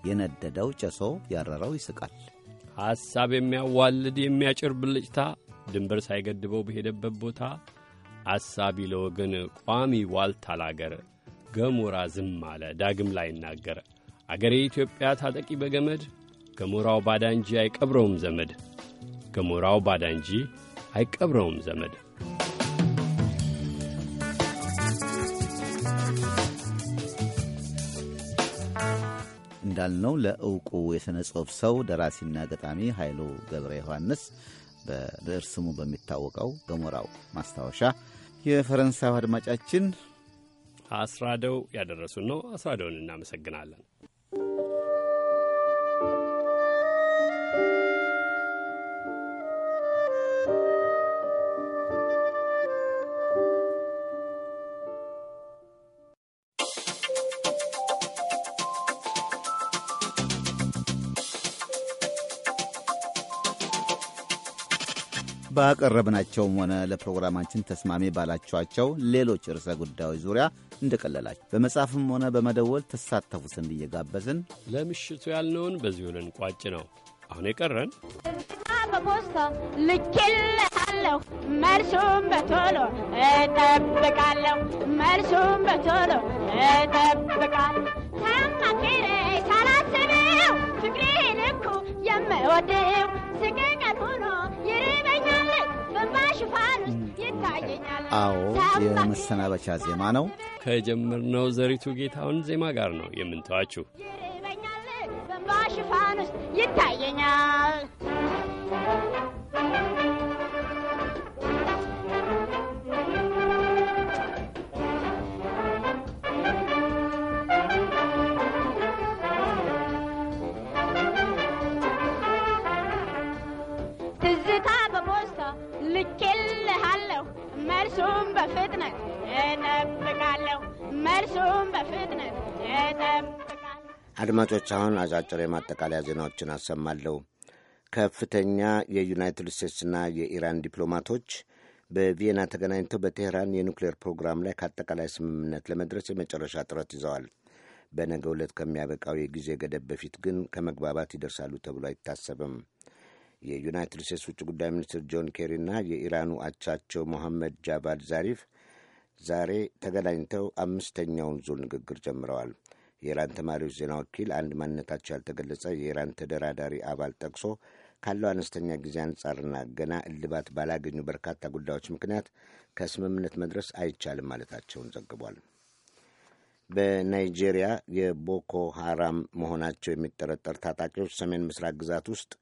የነደደው ጨሶ ያረረው ይስቃል። ሐሳብ የሚያዋልድ የሚያጭር ብልጭታ ድንበር ሳይገድበው በሄደበት ቦታ አሳቢ ለወገን ቋሚ ዋልታ ላገር ገሞራ ዝም አለ። ዳግም ላይ ይናገር አገሬ ኢትዮጵያ ታጠቂ በገመድ ገሞራው ባዳ እንጂ አይቀብረውም ዘመድ ገሞራው ባዳ እንጂ አይቀብረውም ዘመድ። እንዳልነው ለእውቁ የሥነ ጽሑፍ ሰው ደራሲና ገጣሚ ኃይሉ ገብረ ዮሐንስ በብዕር ስሙ በሚታወቀው ገሞራው ማስታወሻ የፈረንሳዊ አድማጫችን አስራደው ያደረሱን ነው። አስራደውን እናመሰግናለን። ባቀረብናቸውም ሆነ ለፕሮግራማችን ተስማሚ ባላችኋቸው ሌሎች ርዕሰ ጉዳዮች ዙሪያ እንደቀለላችሁ በመጻፍም ሆነ በመደወል ተሳተፉ ስንል እየጋበዝን ለምሽቱ ያልነውን በዚሁን እንቋጭ ነው። አሁን የቀረን በፖስታ ልኬልሃለሁ፣ መልሱም በቶሎ እጠብቃለሁ፣ መልሱም በቶሎ እጠብቃለሁ። ታማቂሬ ሳላስበው ፍቅሬ ልኩ የምወደው ስገኛል ሆኖ ሽፋን ውስጥ አዎ የመሰናበቻ ዜማ ነው። ከጀመርነው ዘሪቱ ጌታውን ዜማ ጋር ነው የምንተዋችሁ። ይበኛል በሽፋን ውስጥ ይታየኛል እርሱም በፍጥነት አድማጮች፣ አሁን አጫጭር የማጠቃለያ ዜናዎችን አሰማለሁ። ከፍተኛ የዩናይትድ ስቴትስና የኢራን ዲፕሎማቶች በቪየና ተገናኝተው በቴህራን የኑክሌር ፕሮግራም ላይ ከአጠቃላይ ስምምነት ለመድረስ የመጨረሻ ጥረት ይዘዋል። በነገ ዕለት ከሚያበቃው የጊዜ ገደብ በፊት ግን ከመግባባት ይደርሳሉ ተብሎ አይታሰብም። የዩናይትድ ስቴትስ ውጭ ጉዳይ ሚኒስትር ጆን ኬሪና የኢራኑ አቻቸው ሞሐመድ ጃቫድ ዛሪፍ ዛሬ ተገናኝተው አምስተኛውን ዙር ንግግር ጀምረዋል። የኢራን ተማሪዎች ዜና ወኪል አንድ ማንነታቸው ያልተገለጸ የኢራን ተደራዳሪ አባል ጠቅሶ ካለው አነስተኛ ጊዜ አንጻርና ገና እልባት ባላገኙ በርካታ ጉዳዮች ምክንያት ከስምምነት መድረስ አይቻልም ማለታቸውን ዘግቧል። በናይጄሪያ የቦኮ ሃራም መሆናቸው የሚጠረጠር ታጣቂዎች ሰሜን ምስራቅ ግዛት ውስጥ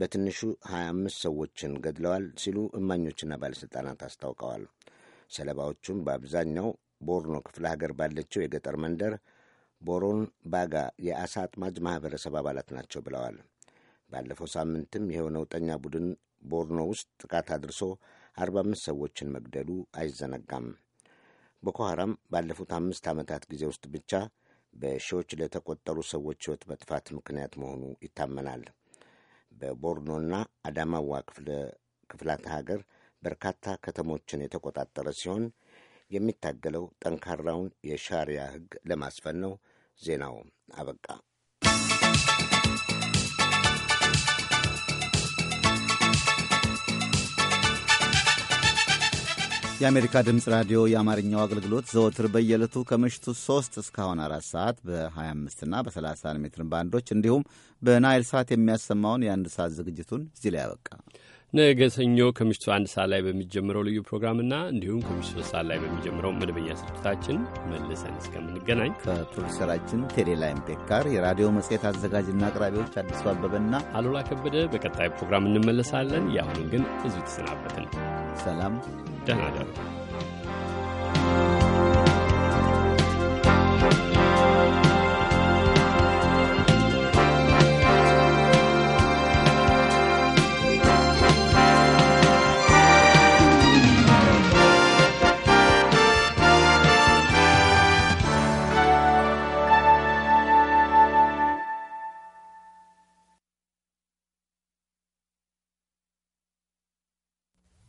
በትንሹ 25 ሰዎችን ገድለዋል ሲሉ እማኞችና ባለሥልጣናት አስታውቀዋል። ሰለባዎቹም በአብዛኛው ቦርኖ ክፍለ ሀገር ባለችው የገጠር መንደር ቦሮን ባጋ የአሳ አጥማጅ ማኅበረሰብ አባላት ናቸው ብለዋል። ባለፈው ሳምንትም ይኸው ነውጠኛ ቡድን ቦርኖ ውስጥ ጥቃት አድርሶ 45 ሰዎችን መግደሉ አይዘነጋም። ቦኮ ሐራም ባለፉት አምስት ዓመታት ጊዜ ውስጥ ብቻ በሺዎች ለተቆጠሩ ሰዎች ሕይወት መጥፋት ምክንያት መሆኑ ይታመናል። በቦርኖና አዳማዋ ክፍላተ ሀገር በርካታ ከተሞችን የተቆጣጠረ ሲሆን የሚታገለው ጠንካራውን የሻሪያ ሕግ ለማስፈን ነው። ዜናው አበቃ። የአሜሪካ ድምፅ ራዲዮ የአማርኛው አገልግሎት ዘወትር በየዕለቱ ከምሽቱ 3 እስካሁን 4 ሰዓት በ25 እና በ 30 ሜትር ባንዶች እንዲሁም በናይል ሰዓት የሚያሰማውን የአንድ ሰዓት ዝግጅቱን እዚህ ላይ ያበቃ። ነገ ሰኞ ከምሽቱ አንድ ሰዓት ላይ በሚጀምረው ልዩ ፕሮግራምና እንዲሁም ከምሽቱ ሶስት ሰዓት ላይ በሚጀምረው መደበኛ ስርጭታችን መልሰን እስከምንገናኝ ከፕሮዲሰራችን ቴሌላይምቤክ ጋር የራዲዮ መጽሔት አዘጋጅና አቅራቢዎች አዲሱ አበበና አሉላ ከበደ በቀጣይ ፕሮግራም እንመለሳለን። የአሁኑን ግን እዚሁ ተሰናበትን። ሰላም፣ ደህና ደሩ።